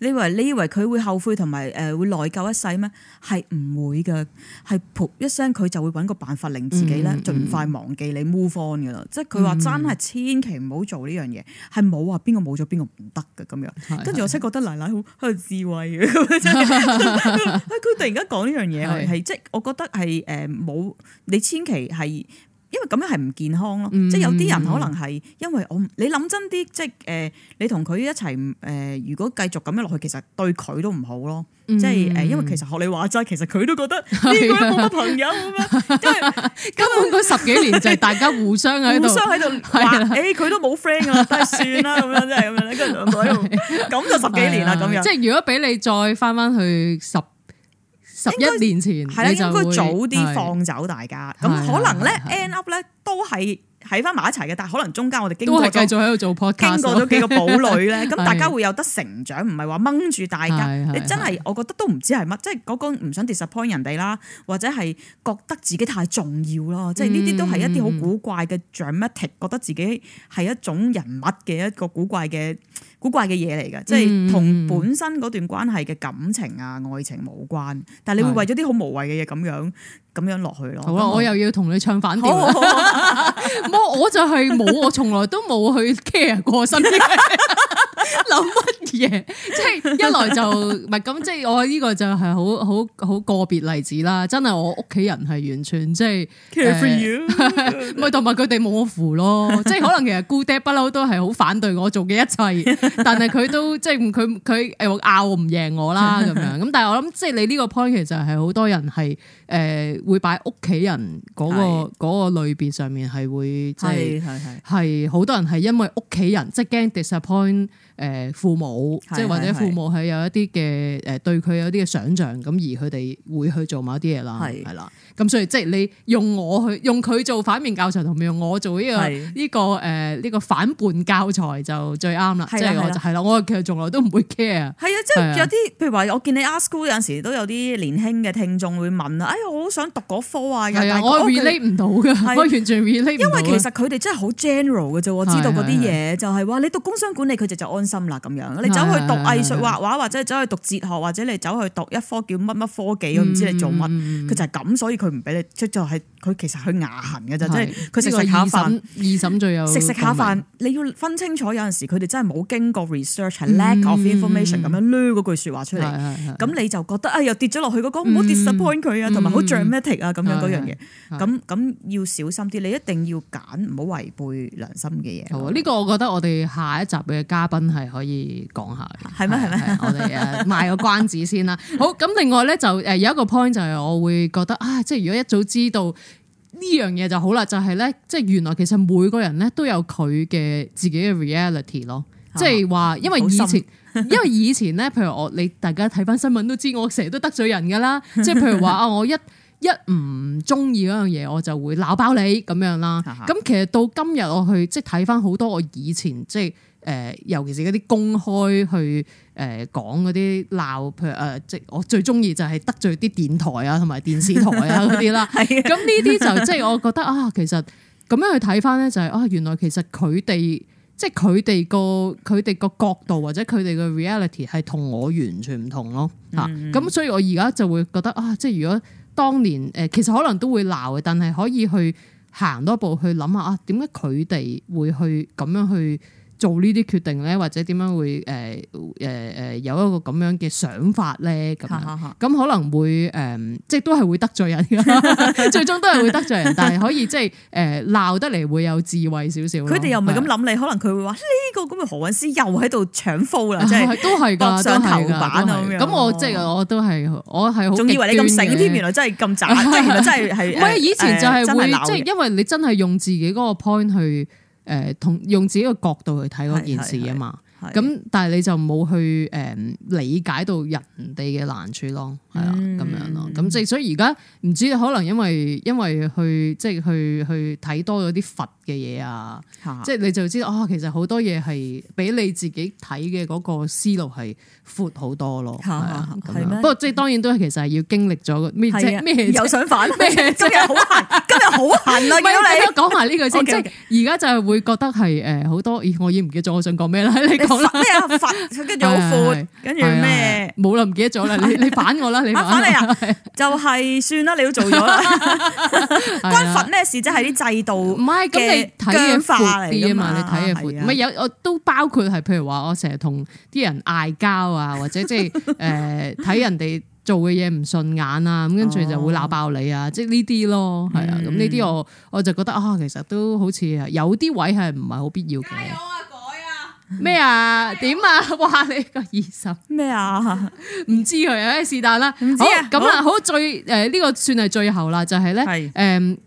你以為，你以為佢會後悔同埋誒，會內疚一世咩？係唔會嘅，係噗一聲佢就會揾個辦法令自己咧盡快忘記你、嗯、move on 嘅啦。即係佢話真係千祈唔好做呢樣嘢，係冇話邊個冇咗邊個唔得嘅咁樣。跟住的我真覺得奶奶好有智慧嘅，佢 哈哈 突然間講呢樣嘢係係即係我覺得係誒冇你千祈係。因為咁樣係唔健康咯，嗯嗯嗯嗯，即係有啲人可能係因為我，你諗真啲，即係誒、呃，你同佢一齊誒、呃，如果繼續咁樣落去，其實對佢都唔好咯。即係誒，因為其實學你話齋，其實佢都覺得呢個冇朋友咁的樣，根本嗰十幾年就大家互相喺度，互相喺度，誒，佢的、欸、都冇 friend，算啦，咁的樣真係咁樣，跟住兩個喺度，咁就十幾年啦，咁樣的。即係如果俾你再翻翻去十。十一年前，係啦，應該早啲放走大家。咁可能咧，end up 咧都係喺翻埋一齊嘅。但係可能中間我哋經過都係繼續喺度做 project，經過咗幾個堡壘咧，咁大家會有得成長，唔係話掹住大家。你真係，我覺得都唔知係乜，即係嗰個唔想 disappoint 人哋啦，或者係覺得自己太重要咯。即係呢啲都係一啲好古怪嘅 dramatic，覺得自己係一種人物嘅一個古怪嘅。古怪嘅嘢嚟嘅，即係同本身嗰段關係嘅感情啊、愛情冇關，但係你會為咗啲好無謂嘅嘢咁樣咁樣落去咯。好啊、天我又要同你唱反調，冇、啊， 我就係冇，我從來都冇去 care 過身邊。 諗乜嘢？即係一來就唔係咁，即係我呢個就係好好好個別例子啦。真係我屋企人係完全即係 care for you，唔係同埋佢哋冇我扶咯。即係可能其實姑爹不嬲都係好反對我做嘅一切，但係佢都即係佢佢誒拗唔贏我啦咁樣。咁但係我諗即係你呢個 point 其實係好多人係誒、呃、會擺屋企人嗰、嗰個嗰是個類別上面係會即係，係係好多人係因為屋企人即係驚 disappoint。就是誒父母，即係或者父母係有一啲嘅誒對佢有啲嘅想像，咁而佢哋會去做某啲嘢啦，係啦。咁所以即係你用我去用佢做反面教材，同埋用我做呢個呢個誒呢個反叛教材就最啱啦。即係是的 我就係啦，我其實從來都唔會 care。係啊，即係有啲譬如話，我見你 ASKGOO 有陣時都有啲年輕嘅聽眾會問啊，哎，我好想讀嗰科啊，係啊，我 relate 唔到㗎，的我完全 relate 唔到。因為其實佢哋真係好 general 嘅啫，我知道嗰啲嘢就係、是、話你讀工商管理，佢哋就按。心啦咁樣，你走去讀藝術畫畫，或者走去讀哲學，或者你走去讀一科叫乜乜科技，我唔知你做乜，佢就係咁，所以佢唔俾你，出就係佢其實佢牙痕嘅啫，即係佢食食下飯，二嬸最有食食下飯，你要分清楚有陣時佢哋真係冇經過 research，係 lack of information 咁樣攞嗰句說話出嚟，咁你就覺得啊又跌咗落去嗰個唔好 disappoint 佢啊，同埋好 dramatic 啊咁樣嗰樣嘢，咁咁要小心啲，你一定要揀唔好違背良心嘅嘢。呢個我覺得我哋下一集嘅嘉賓係。係可以講下嘅，係咩係咩？我哋誒賣個關子先啦。好咁，另外咧就誒有一個 point 就係我會覺得啊，即係如果一早知道呢樣嘢就好啦。就係咧，即係原來其實每個人咧都有佢嘅自己嘅 reality 咯嗎。即係話，因為以前，深因為以前咧，譬如我你大家睇翻新聞都知，我成日都得罪人噶啦。即係譬如話啊，我一一唔中意嗰樣嘢，我就會鬧爆你咁樣啦。咁嗎其實到今日我去即係睇翻好多我以前即係。即誒、呃，尤其是嗰啲公開去誒、呃、講嗰啲鬧，譬如誒、呃，即我最中意就係得罪啲電台啊，同埋電視台啊嗰啲啦。係啊，咁呢啲就即係我覺得啊，其實咁樣去睇翻咧，就係啊，原來其實佢哋即係佢哋個佢哋個角度或者佢哋嘅 reality 係同我完全唔同咯。嚇、啊，咁所以我而家就會覺得啊，即係如果當年誒、啊，其實可能都會鬧嘅，但係可以去行多步去諗下啊，點解佢哋會去咁樣去？做呢啲決定咧，或者點樣會誒誒誒有一個咁樣嘅想法咧，咁咁可能會誒、嗯，即係都係會得罪人嘅， 最終都係會得罪人，但係可以即係誒鬧得嚟會有智慧少少。佢哋又唔係咁諗你，的可能佢會話呢、呢個咁嘅何韻詩又喺度搶 f a 啦，即係都係嘅，搏上頭版我啊咁我即係我，、就係、我都係我係好，仲 以為你咁醒添，原來真係咁渣，即係真係係。唔係 以前就係會即係，因為你真係用自己嗰個 point 去。自己誒，同用自己嘅角度去睇嗰件事啊嘛。咁但係你就冇去誒理解到人哋嘅難處咯，係啊咁樣咯，咁即係所以而家唔知可能因為因為去即係去去睇多咗啲佛嘅嘢啊，即係你就知道其實好多嘢係俾你自己睇嘅嗰個思路係闊好多咯，不過即係當然都其實係要經歷咗咩咩又想反咩，今日好恨，今日好恨啊！唔係，講埋呢句先，即係而家就係會覺得係誒好多，我已經唔記得咗，我想講咩啦？咩啊？佛跟住好闊，跟住咩？冇啦，唔記得咗啦。你你反我啦，你反你啊？就係算啦，你都做咗啦。關佛咩事？即係啲制度唔係咁你睇僵化嚟啊嘛。你睇嘢闊，唔係有我都包括係，譬如話我成日同啲人嗌交啊，或者即係誒睇人哋做嘅嘢唔順眼啊，咁跟住就會鬧爆你啊，即係呢啲咯，係啊。咁呢啲我我就覺得啊，其實都好似有啲位係唔係好必要嘅。咩啊？點 啊？哇！ 你個二十咩啊？唔知佢啊，是但啦。唔知啊。咁啊，好最誒呢、呃這個算係最後啦，就係咧誒，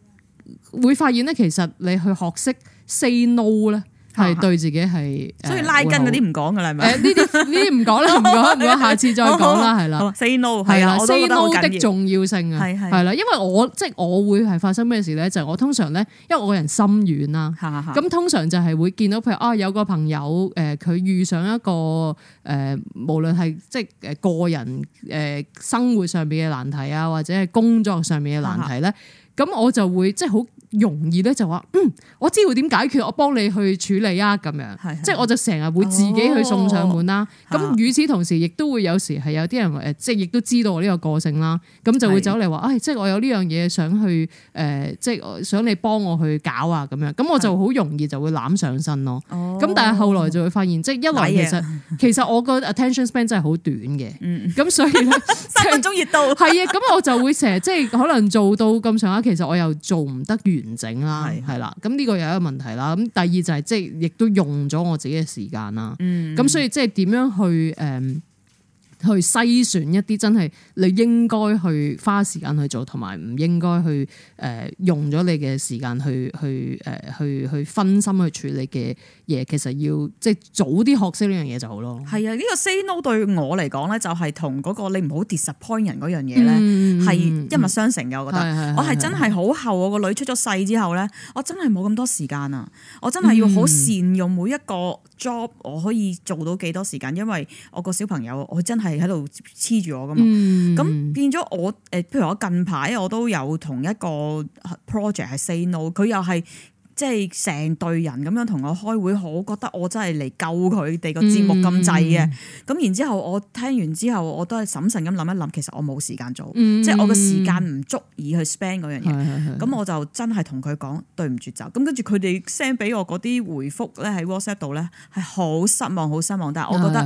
會發現咧，其實你去學識 say no 咧。係對自己係，所以拉筋嗰啲唔講㗎啦，係咪、呃？呢啲呢啲唔講啦，唔講唔講，下次再講啦，係啦。Say no，係啊了，say no 的重要性啊，係係，係啦。因為我即係、就是、我會係發生咩事咧？就係、是、我通常咧，因為我個人心軟啦，咁的通常就係會見到譬如啊，有個朋友誒，佢遇上一個誒，無論係即係誒個人誒生活上邊嘅難題啊，或者係工作上面嘅難題咧，咁的我就會即係好，就是容易咧就話，嗯，我知道點解決，我幫你去處理啊，咁樣，即係的我就成日會自己去送上門啦。咁與、oh. 此同時，亦都會有時係有啲人誒，即係亦都知道我呢個個性啦。咁就會走嚟話，誒的、哎，即係我有呢樣嘢想去，誒、呃，即係想你幫我去搞啊，咁樣。咁我就好容易就會攬上身咯。哦，咁但係後來就會發現，即係一來其實其實我個 attention span 真係好短嘅，嗯，咁所以咧三分鐘熱度係啊，咁、嗯 嗯、我就會成日即係可能做到咁上下，其實我又做唔得完。唔整啦，係啦，咁呢個又係一個問題啦。咁第二就係即係，亦都用咗我自己嘅時間啦。咁、嗯、所以即係點樣去誒、呃去篩選一啲真係你應該去花時間去做，同埋唔應該去誒、呃、用咗你嘅時間去去誒去去分心去處理嘅嘢，其實要即係早啲學識呢樣嘢就好咯。係啊，呢、呢個 say no 對我嚟講咧，就係同嗰個你唔好 disappoint 人嗰樣嘢咧，係、嗯、一脈相承嘅。嗯、我覺得是是是是我係真係好後是是是是我個女出咗世之後咧，我真係冇咁多時間啊！我真係要好善用每一個、嗯。job 我可以做到幾多時間？因為我個小朋友我真係喺度黐住我㗎嘛，咁、嗯、變咗我誒，譬如我近排我都有同一個 project 係 say no，佢又係。即係成隊人咁樣同我開會，好，我覺得我真係嚟救佢哋個節目咁滯嘅。咁、嗯、然之後我聽完之後，我都係審慎咁諗一諗，其實我冇時間做，即係、嗯、我嘅時間唔足以去 spend 嗰樣嘢。咁我就真係同佢講對唔住走。咁跟住佢哋 send 俾我嗰啲回覆咧喺 WhatsApp 度咧，係好失望，好失望。但係我覺得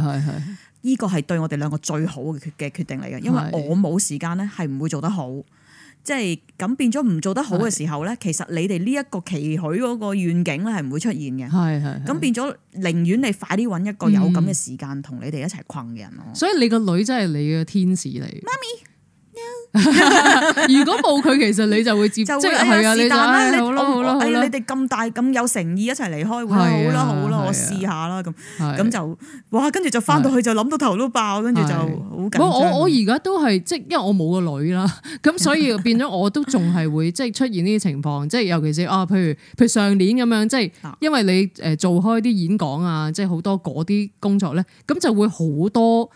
呢個係對我哋兩個最好嘅決定嚟嘅，因為我冇時間咧，係唔會做得好。即係咁變咗唔做得好嘅時候咧，是的 其實你哋呢一個期許嗰個願景咧係唔會出現嘅。係係咁變咗，寧願你快啲搵一個有咁嘅時間同你哋一齊困嘅人咯、嗯。所以你個女真係你嘅天使嚟。媽咪。 如果冇佢，其實你就會接，就會係啊！但啦是，你做就咯，哎、你哋咁吧大咁有誠意一齊嚟開會，好啦，好啦，好好的我試下啦，咁咁的就哇！跟住就返到去的就諗到頭都爆，跟住的就好緊我我而家都係即係，因為我冇個女啦，咁所以變咗我都仲係會即係出現呢啲情況，即係尤其是啊，譬如譬如上年咁樣，即係因為你誒做開啲演講啊，即係好多嗰啲工作咧，咁就會好多。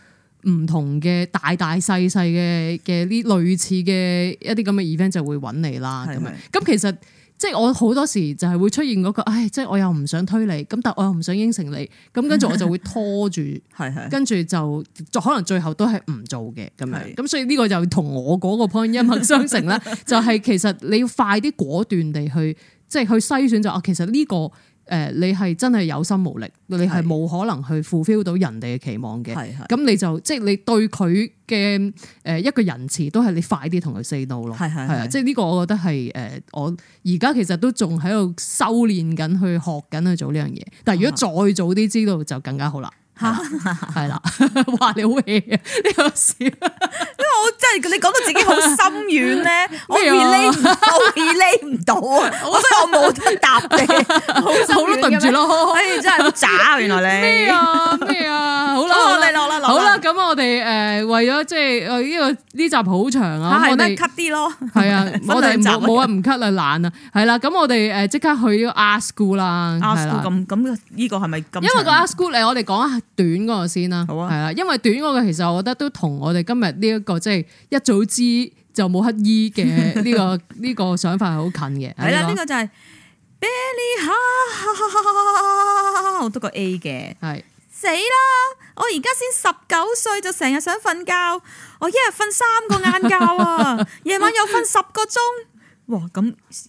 唔同嘅大大細細嘅嘅呢類似嘅一啲咁嘅 event 就會揾你啦，咁樣咁其實即係我好多時就係會出現嗰、嗰個，唉，即係我又唔想推你，咁但係我又唔想應承你，咁跟住我就會拖住，跟住的就可能最後都係唔做嘅咁樣，咁的所以呢個就同我嗰個 point 一脈的相承啦， 就係其實你要快啲果斷地去，即、就、係、是、去篩選就啊，其實呢、呢個。誒，你係真係有心無力，是你係冇可能去 fulfill 到人哋嘅期望嘅。咁是你就即係、即係、你對佢嘅誒一個仁慈，都係你快啲同佢 say no 咯。係係，即係呢個我覺得係誒，我而家其實都仲喺度修煉緊，去學緊去做呢樣嘢。但係如果再早啲知道，就更加好啦。係啦，話你好氣啊？呢個笑，因為我真係你講到自己好深遠咧，我 relate 唔，我 relate 唔到啊！所以我冇得答你，好啦，對唔住咯，哎，真係渣，原來你咩啊？咩啊？好啦，好啦，好啦，好啦！咁我哋誒為咗即係呢個呢集好長啊，我哋 cut 啲咯，係啊，我哋冇冇啊，唔 cut 啊，懶啊，係啦，咁我哋誒即刻去 ASKGOO 啦，ASKGOO 咁咁呢個係咪？咁？因為個 ASKGOO 嚟，我哋講啊。短嗰個先啦，係啦、啊，因為短嗰個其實我覺得都同我哋今日呢一個即係、就是、一早知就冇乞兒嘅呢個呢 個想法係好近嘅。係啦對，呢、這個、個就係 Billy 哈，我得個 A 嘅，係死啦！我而家先十九歲就成日想瞓覺，我一日瞓三個晏覺啊，夜 晚又瞓十個鐘。 哇！咁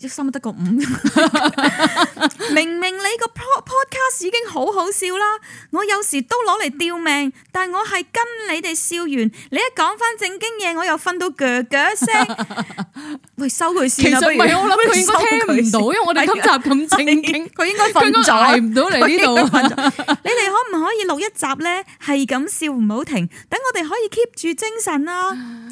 一心得個五，明明你個 podcast 已經好好笑啦。我有時都攞嚟吊命，但係我係跟你哋笑完，你一講翻正經嘢，我又瞓到噅噅聲。喂，收佢先啦。其實唔係，我諗佢應該聽唔到，因為我哋今集咁正經，佢應該瞓咗嚟唔到嚟呢度。你哋可唔可以錄一集咧？係咁笑唔好停，等我哋可以 keep 住精神啦。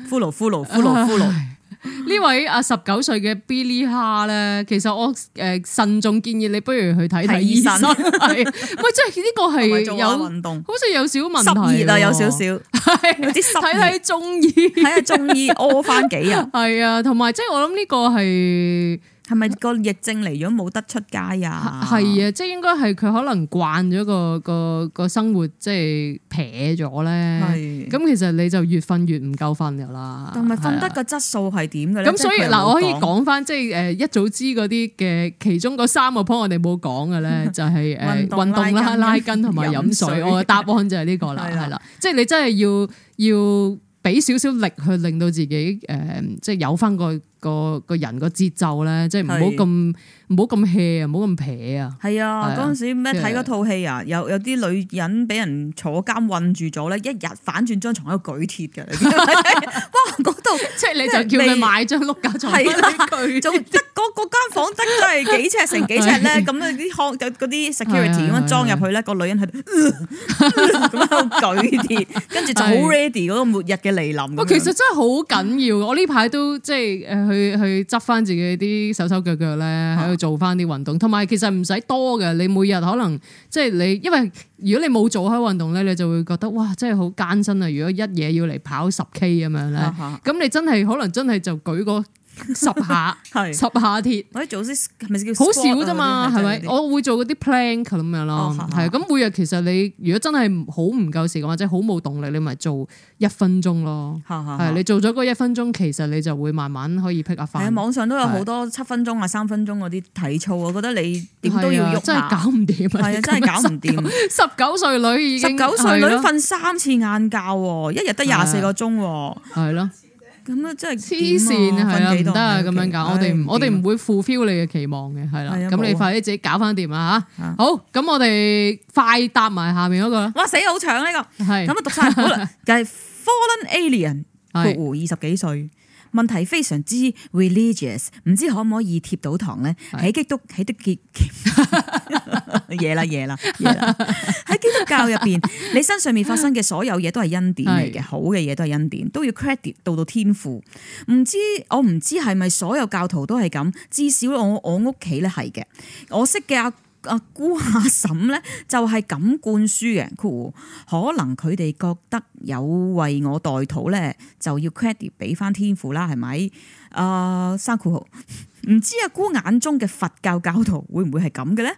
呼嚕呼嚕呼嚕呼嚕。呢位阿十九歲嘅 Billy Ha，咧，其實我誒慎重建議你不如去睇睇醫生，喂，即係呢個係有運動，好似有少問題，熱啊有少少，係啲睇睇中醫，睇下中醫屙翻幾日，係 啊，同埋即係我諗呢個係。係咪個疫症嚟咗冇得出街呀？係啊，即係應該係佢可能慣咗個、個、個生活，即係撇咗咧。係咁的，其實你就越瞓越唔夠瞓噶啦。同埋瞓得個質素係點嘅咧？咁所以嗱，有、有我可以講翻，即係誒一早知嗰啲嘅其中嗰三個 point 我哋冇講嘅咧，就係、是、誒 運動啦、拉筋同埋飲水。水我嘅答案就係呢、呢個啦，係啦的，即係的、就是、你真係要、要俾少少力去令到自己誒，即係有翻個。個個人個節奏咧，即係唔好咁唔好咁 hea 啊，唔好咁撇啊。係啊，嗰陣時咩睇嗰套戲啊？有有啲女人俾人坐監困住咗咧，一日反轉張床喺度舉鐵嘅。哇！嗰度即係你就叫你買張碌架床翻嚟舉，即係嗰間房得都係幾尺成幾尺咧，咁啊啲啲 security 咁啊裝入去咧，個女人喺度咁啊舉鐵，跟住就好 ready 嗰個末日嘅嚟臨。哇！其實真係好緊要，我呢排都即係誒。去去執翻自己啲手手腳腳咧，喺度做翻啲運動，同埋其實唔使多嘅。你每日可能即係你，因為如果你冇做開運動咧，你就會覺得「哇，真係好艱辛啊！如果一嘢要嚟跑十 K 咁樣咧，咁你真係可能真係就舉個。」十下係十下，貼我啲組織係咪叫好少啫嘛？係咪我會做嗰啲 plank 咁樣咯？係咁每日其實你如果真係好唔夠時間或者好冇動力，你咪做一分鐘咯。係你做咗嗰一分鐘，其實你就會慢慢可以 pick up 翻。係啊，網上都有好多七分鐘啊、三分鐘嗰啲體操我覺得你點都要喐。真係搞唔掂，係啊，真係搞唔掂。十九歲女已經十九歲女瞓三次晏覺，一日得廿四個鐘。係咯。咁啊，真係黐線啊，係啊，唔得啊，咁樣搞，我哋唔，我哋唔會 fulfill 你嘅期望嘅，係啦，咁你快啲自己搞翻掂啊。吓，好，咁我哋快答埋下面嗰個。哇，死好長呢個，係咁啊，讀晒好啦，就係 fallen alien，括弧二十幾歲。問題非常之 religious，唔知可唔可以貼到堂咧？喺嗎基督，喺基督嘢啦，嘢啦，嘢啦。喺基督教入邊，你身上面發生嘅所有嘢都係恩典嚟嘅，好嘅嘢都係恩典，都要 credit 到到天父。唔知我唔知係咪所有教徒都係咁，至少我我屋企咧係嘅，我，我識嘅阿。阿姑阿嬸咧就係咁灌輸嘅，可能佢哋覺得有為我代禱咧就要 credit 俾翻天父啦，係咪？呃、三阿生括弧，唔知阿姑眼中嘅佛教，教教徒會唔會係咁嘅咧？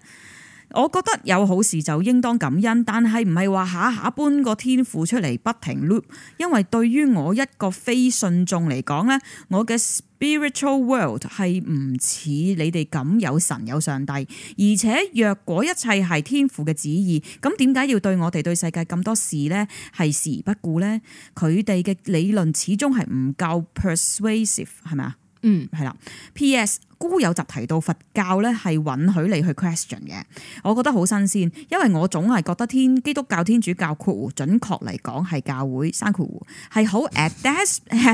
我覺得有好事就應當感恩，但係唔係話下下搬個天父出嚟不停 loop，因為對於我一個非信眾嚟講咧，我嘅 spiritual world 係唔似你哋咁有神有上帝，而且若果一切係天父嘅旨意，咁點解要對我哋對世界咁多事呢？係視而不顧呢？佢哋嘅理論始終係唔夠 persuasive，係咪啊？嗯，係啦。P.S. 孤有集提到佛教咧，係允許你去 question 嘅，我覺得好新鮮，因為我總係覺得天基督教、天主教括弧準確嚟講係教會，三括弧係好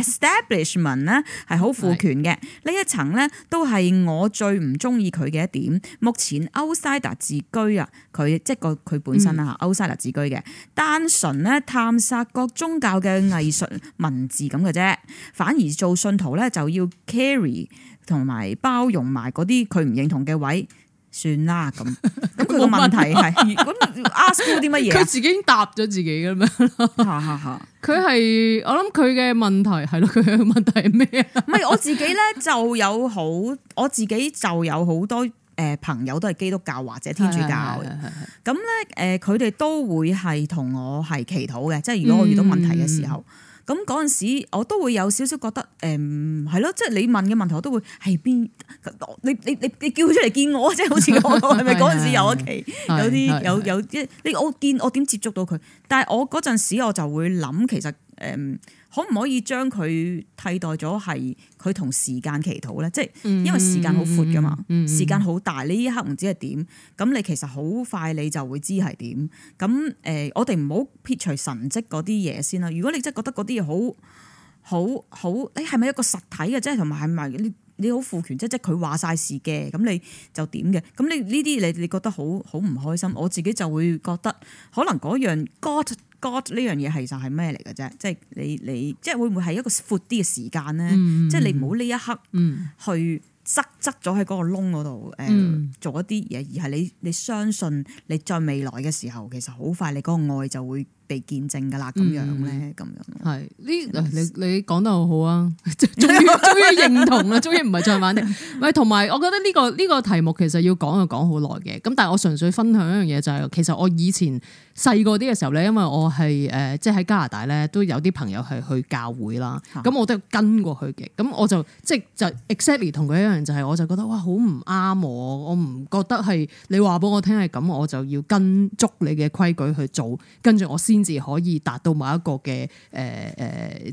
establishment 呢，係好父權嘅呢是的 一層呢都係我最唔中意佢嘅一點。目前 outsider 自居啊，佢即係個佢本身啦，outsider 自居嘅單純咧探索各宗教嘅藝術文字咁嘅啫， 反而做信徒咧就要 carry。同埋包容埋嗰啲佢唔認同嘅位，算啦咁。咁佢個問題係，咁 ask 到啲乜嘢？佢 自己答咗自己噶咩？佢係我諗佢嘅問題係咯，佢嘅問題係咩啊？唔 係我自己咧，就有好我自己就有好多誒朋友都係基督教或者天主教嘅。咁咧誒，佢哋都會係同我係祈禱嘅，即係如果我遇到問題嘅時候。嗯咁嗰陣時，我都會有少少覺得，誒、嗯，係咯，即係你問嘅問題，我都會係邊？你你你你叫出嚟見我，即係好似我係咪嗰陣時有一期， 有啲有有啲，你我見我點接觸到佢？但係我嗰陣時我就會諗，其實誒。嗯可唔可以將佢替代咗係佢同時間祈禱咧？即係、嗯、因為時間好闊噶嘛，嗯、時間好大。你呢一刻唔知係點，咁、嗯、你其實好快你就會知係點。咁誒、呃，我哋唔好撇除神蹟嗰啲嘢先啦。如果你真係覺得嗰啲嘢好好好，你係咪一個實體嘅？即係同埋係咪你你好父權？即即佢話晒事嘅，咁你就點嘅？咁你呢啲你你覺得好好唔開心？我自己就會覺得可能嗰樣 God。God 呢樣嘢其實係咩嚟嘅啫？即係你你即係會唔會係一個闊啲嘅時間咧？嗯、即係你唔好呢一刻去塞塞咗喺嗰個窿嗰度誒做一啲嘢，而係你你相信你在未來嘅時候，其實好快你嗰個愛就會。地見證㗎喇，咁樣咧，咁樣係呢？嗯、你你講得好好啊， 終於終於認同啦，終於唔係再玩啲。喂，同埋我覺得呢、呢個呢、呢個題目其實要講就講好耐嘅。咁但係我純粹分享一樣嘢就係、是，其實我以前細個啲嘅時候咧，因為我係誒、呃、即係喺加拿大咧，都有啲朋友係去教會啦。咁 我都跟過去嘅。咁我就即係就 exactly 同佢一樣，就係、是、我就覺得哇，好唔啱我，我唔覺得係你話俾我聽係咁，我就要跟足你嘅規矩去做，跟住我先。先至可以達到某一個嘅誒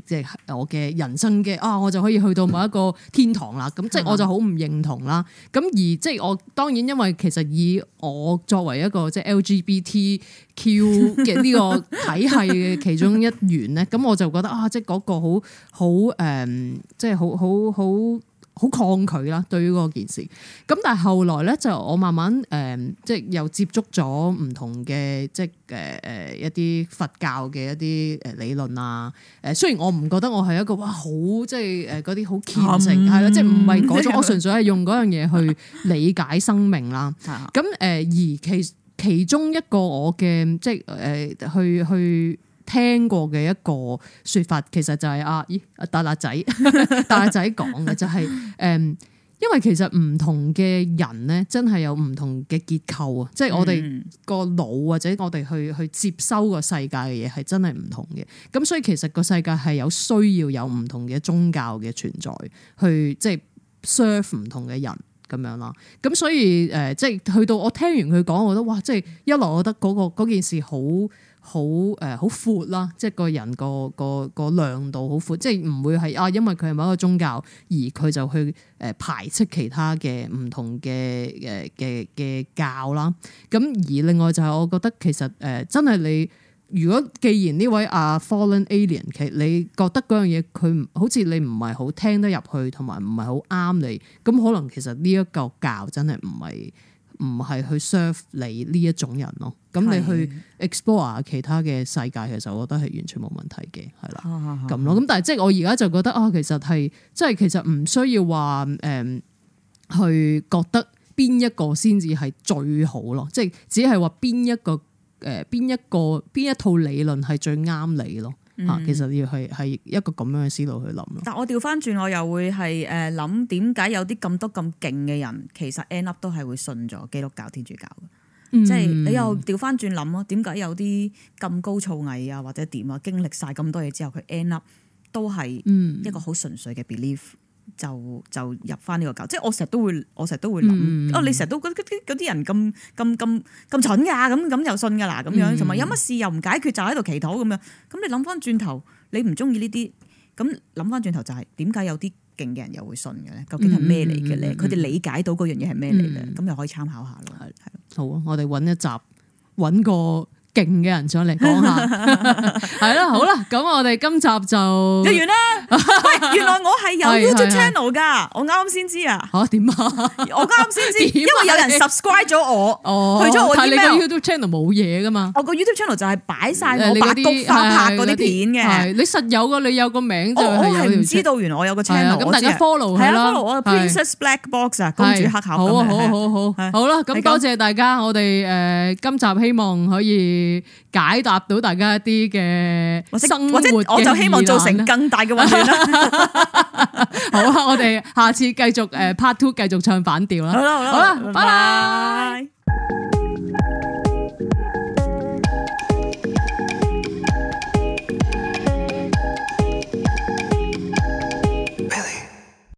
誒，即係我嘅人生嘅啊，我就可以去到某一個天堂啦。咁 即係我就好唔認同啦。咁而即係我當然因為其實以我作為一個即係 LGBTQ 嘅呢個體系嘅其中一員咧，咁 我就覺得啊，即係嗰個好好誒，即係好好好。好抗拒啦，對於嗰件事。咁但係後來咧，就我慢慢誒、呃，即係又接觸咗唔同嘅，即係誒誒一啲佛教嘅一啲誒理論啊。誒雖然我唔覺得我係一個哇好即係誒嗰啲好虔誠係咯，即係唔係嗰種。我純粹係用嗰樣嘢去理解生命啦。咁誒 而其其中一個我嘅即係誒去去。去聽過嘅一個説法，其實就係阿阿達達仔，達達 仔講嘅就係、是、誒、嗯，因為其實唔同嘅人咧，真係有唔同嘅結構啊，即係、嗯、我哋個腦或者我哋去去接收個世界嘅嘢係真係唔同嘅。咁所以其實個世界係有需要有唔同嘅宗教嘅存在，嗯、去即係 serve 唔同嘅人咁樣啦。咁所以誒，即係去到我聽完佢講，我覺得哇，即係一來我覺得嗰、嗰個件事好。好誒好闊啦，即係個人個個個量度好闊，即係唔會係啊，因為佢係某一個宗教而佢就去誒排斥其他嘅唔同嘅誒嘅嘅教啦。咁而另外就係我覺得其實誒、呃、真係你如果既然呢位啊 fallen alien，其你覺得嗰樣嘢佢好似你唔係好聽得入去，同埋唔係好啱你，咁可能其實呢一個教真係唔係。唔係去 serve 你呢一種人咯，咁是的 你去 explore 下其他嘅世界，其實我覺得係完全冇問題嘅，係啦，咁咯。咁但係即係我而家就覺得啊，其實係即係其實唔需要話誒、呃，去覺得邊一個先至係最好咯，即係只係話邊一個誒邊、呃、一個邊一套理論係最啱你咯。啊，其實要係係一個咁樣嘅思路去諗咯、嗯。但我調翻轉，我又會係誒諗點解有啲咁多咁勁嘅人，其實 end up 都係會信咗基督教、天主教嘅。嗯、即係你又調翻轉諗咯，點解有啲咁高造詣啊或者點啊，經歷晒咁多嘢之後，佢 end up 都係一個好純粹嘅 belief。嗯嗯就就入翻呢個教，即係我成日都會，我成日都會諗，嗯、哦，你成日都嗰啲啲人咁咁咁咁蠢噶，咁咁又信噶啦，咁樣同埋有乜事又唔解決就喺度祈禱咁樣，咁你諗翻轉頭，你唔中意呢啲，咁諗翻轉頭就係點解有啲勁嘅人又會信嘅咧？究竟係咩嚟嘅咧？佢哋、嗯、理解到嗰、嗯、樣嘢係咩嚟嘅，咁又可以參考下咯。係係好啊，我哋揾一集，揾個。勁嘅人上嚟講下，係咯，好啦，咁我哋今集就，原來，喂，原來我係有 YouTube channel 噶，我啱先知啊，吓點啊，我啱先知，因為有人 subscribe 咗我，哦，睇下你 YouTube channel 冇嘢噶嘛？我個 YouTube channel 就係擺晒我白骨化拍嗰啲片嘅，你實有個，你有個名，我我係唔知道，原來我有個 channel，大家 follow 佢啦，係啊，follow 我 Princess Black Box，公主黑盒咁樣，好，好好好，好啦，咁多謝大家，我哋誒今集希望可以。解答到大家一啲嘅生活我就希望造成更大嘅問題啦，好啦，我哋下次繼續誒 part two 繼續唱反調啦，好啦，好啦，拜拜。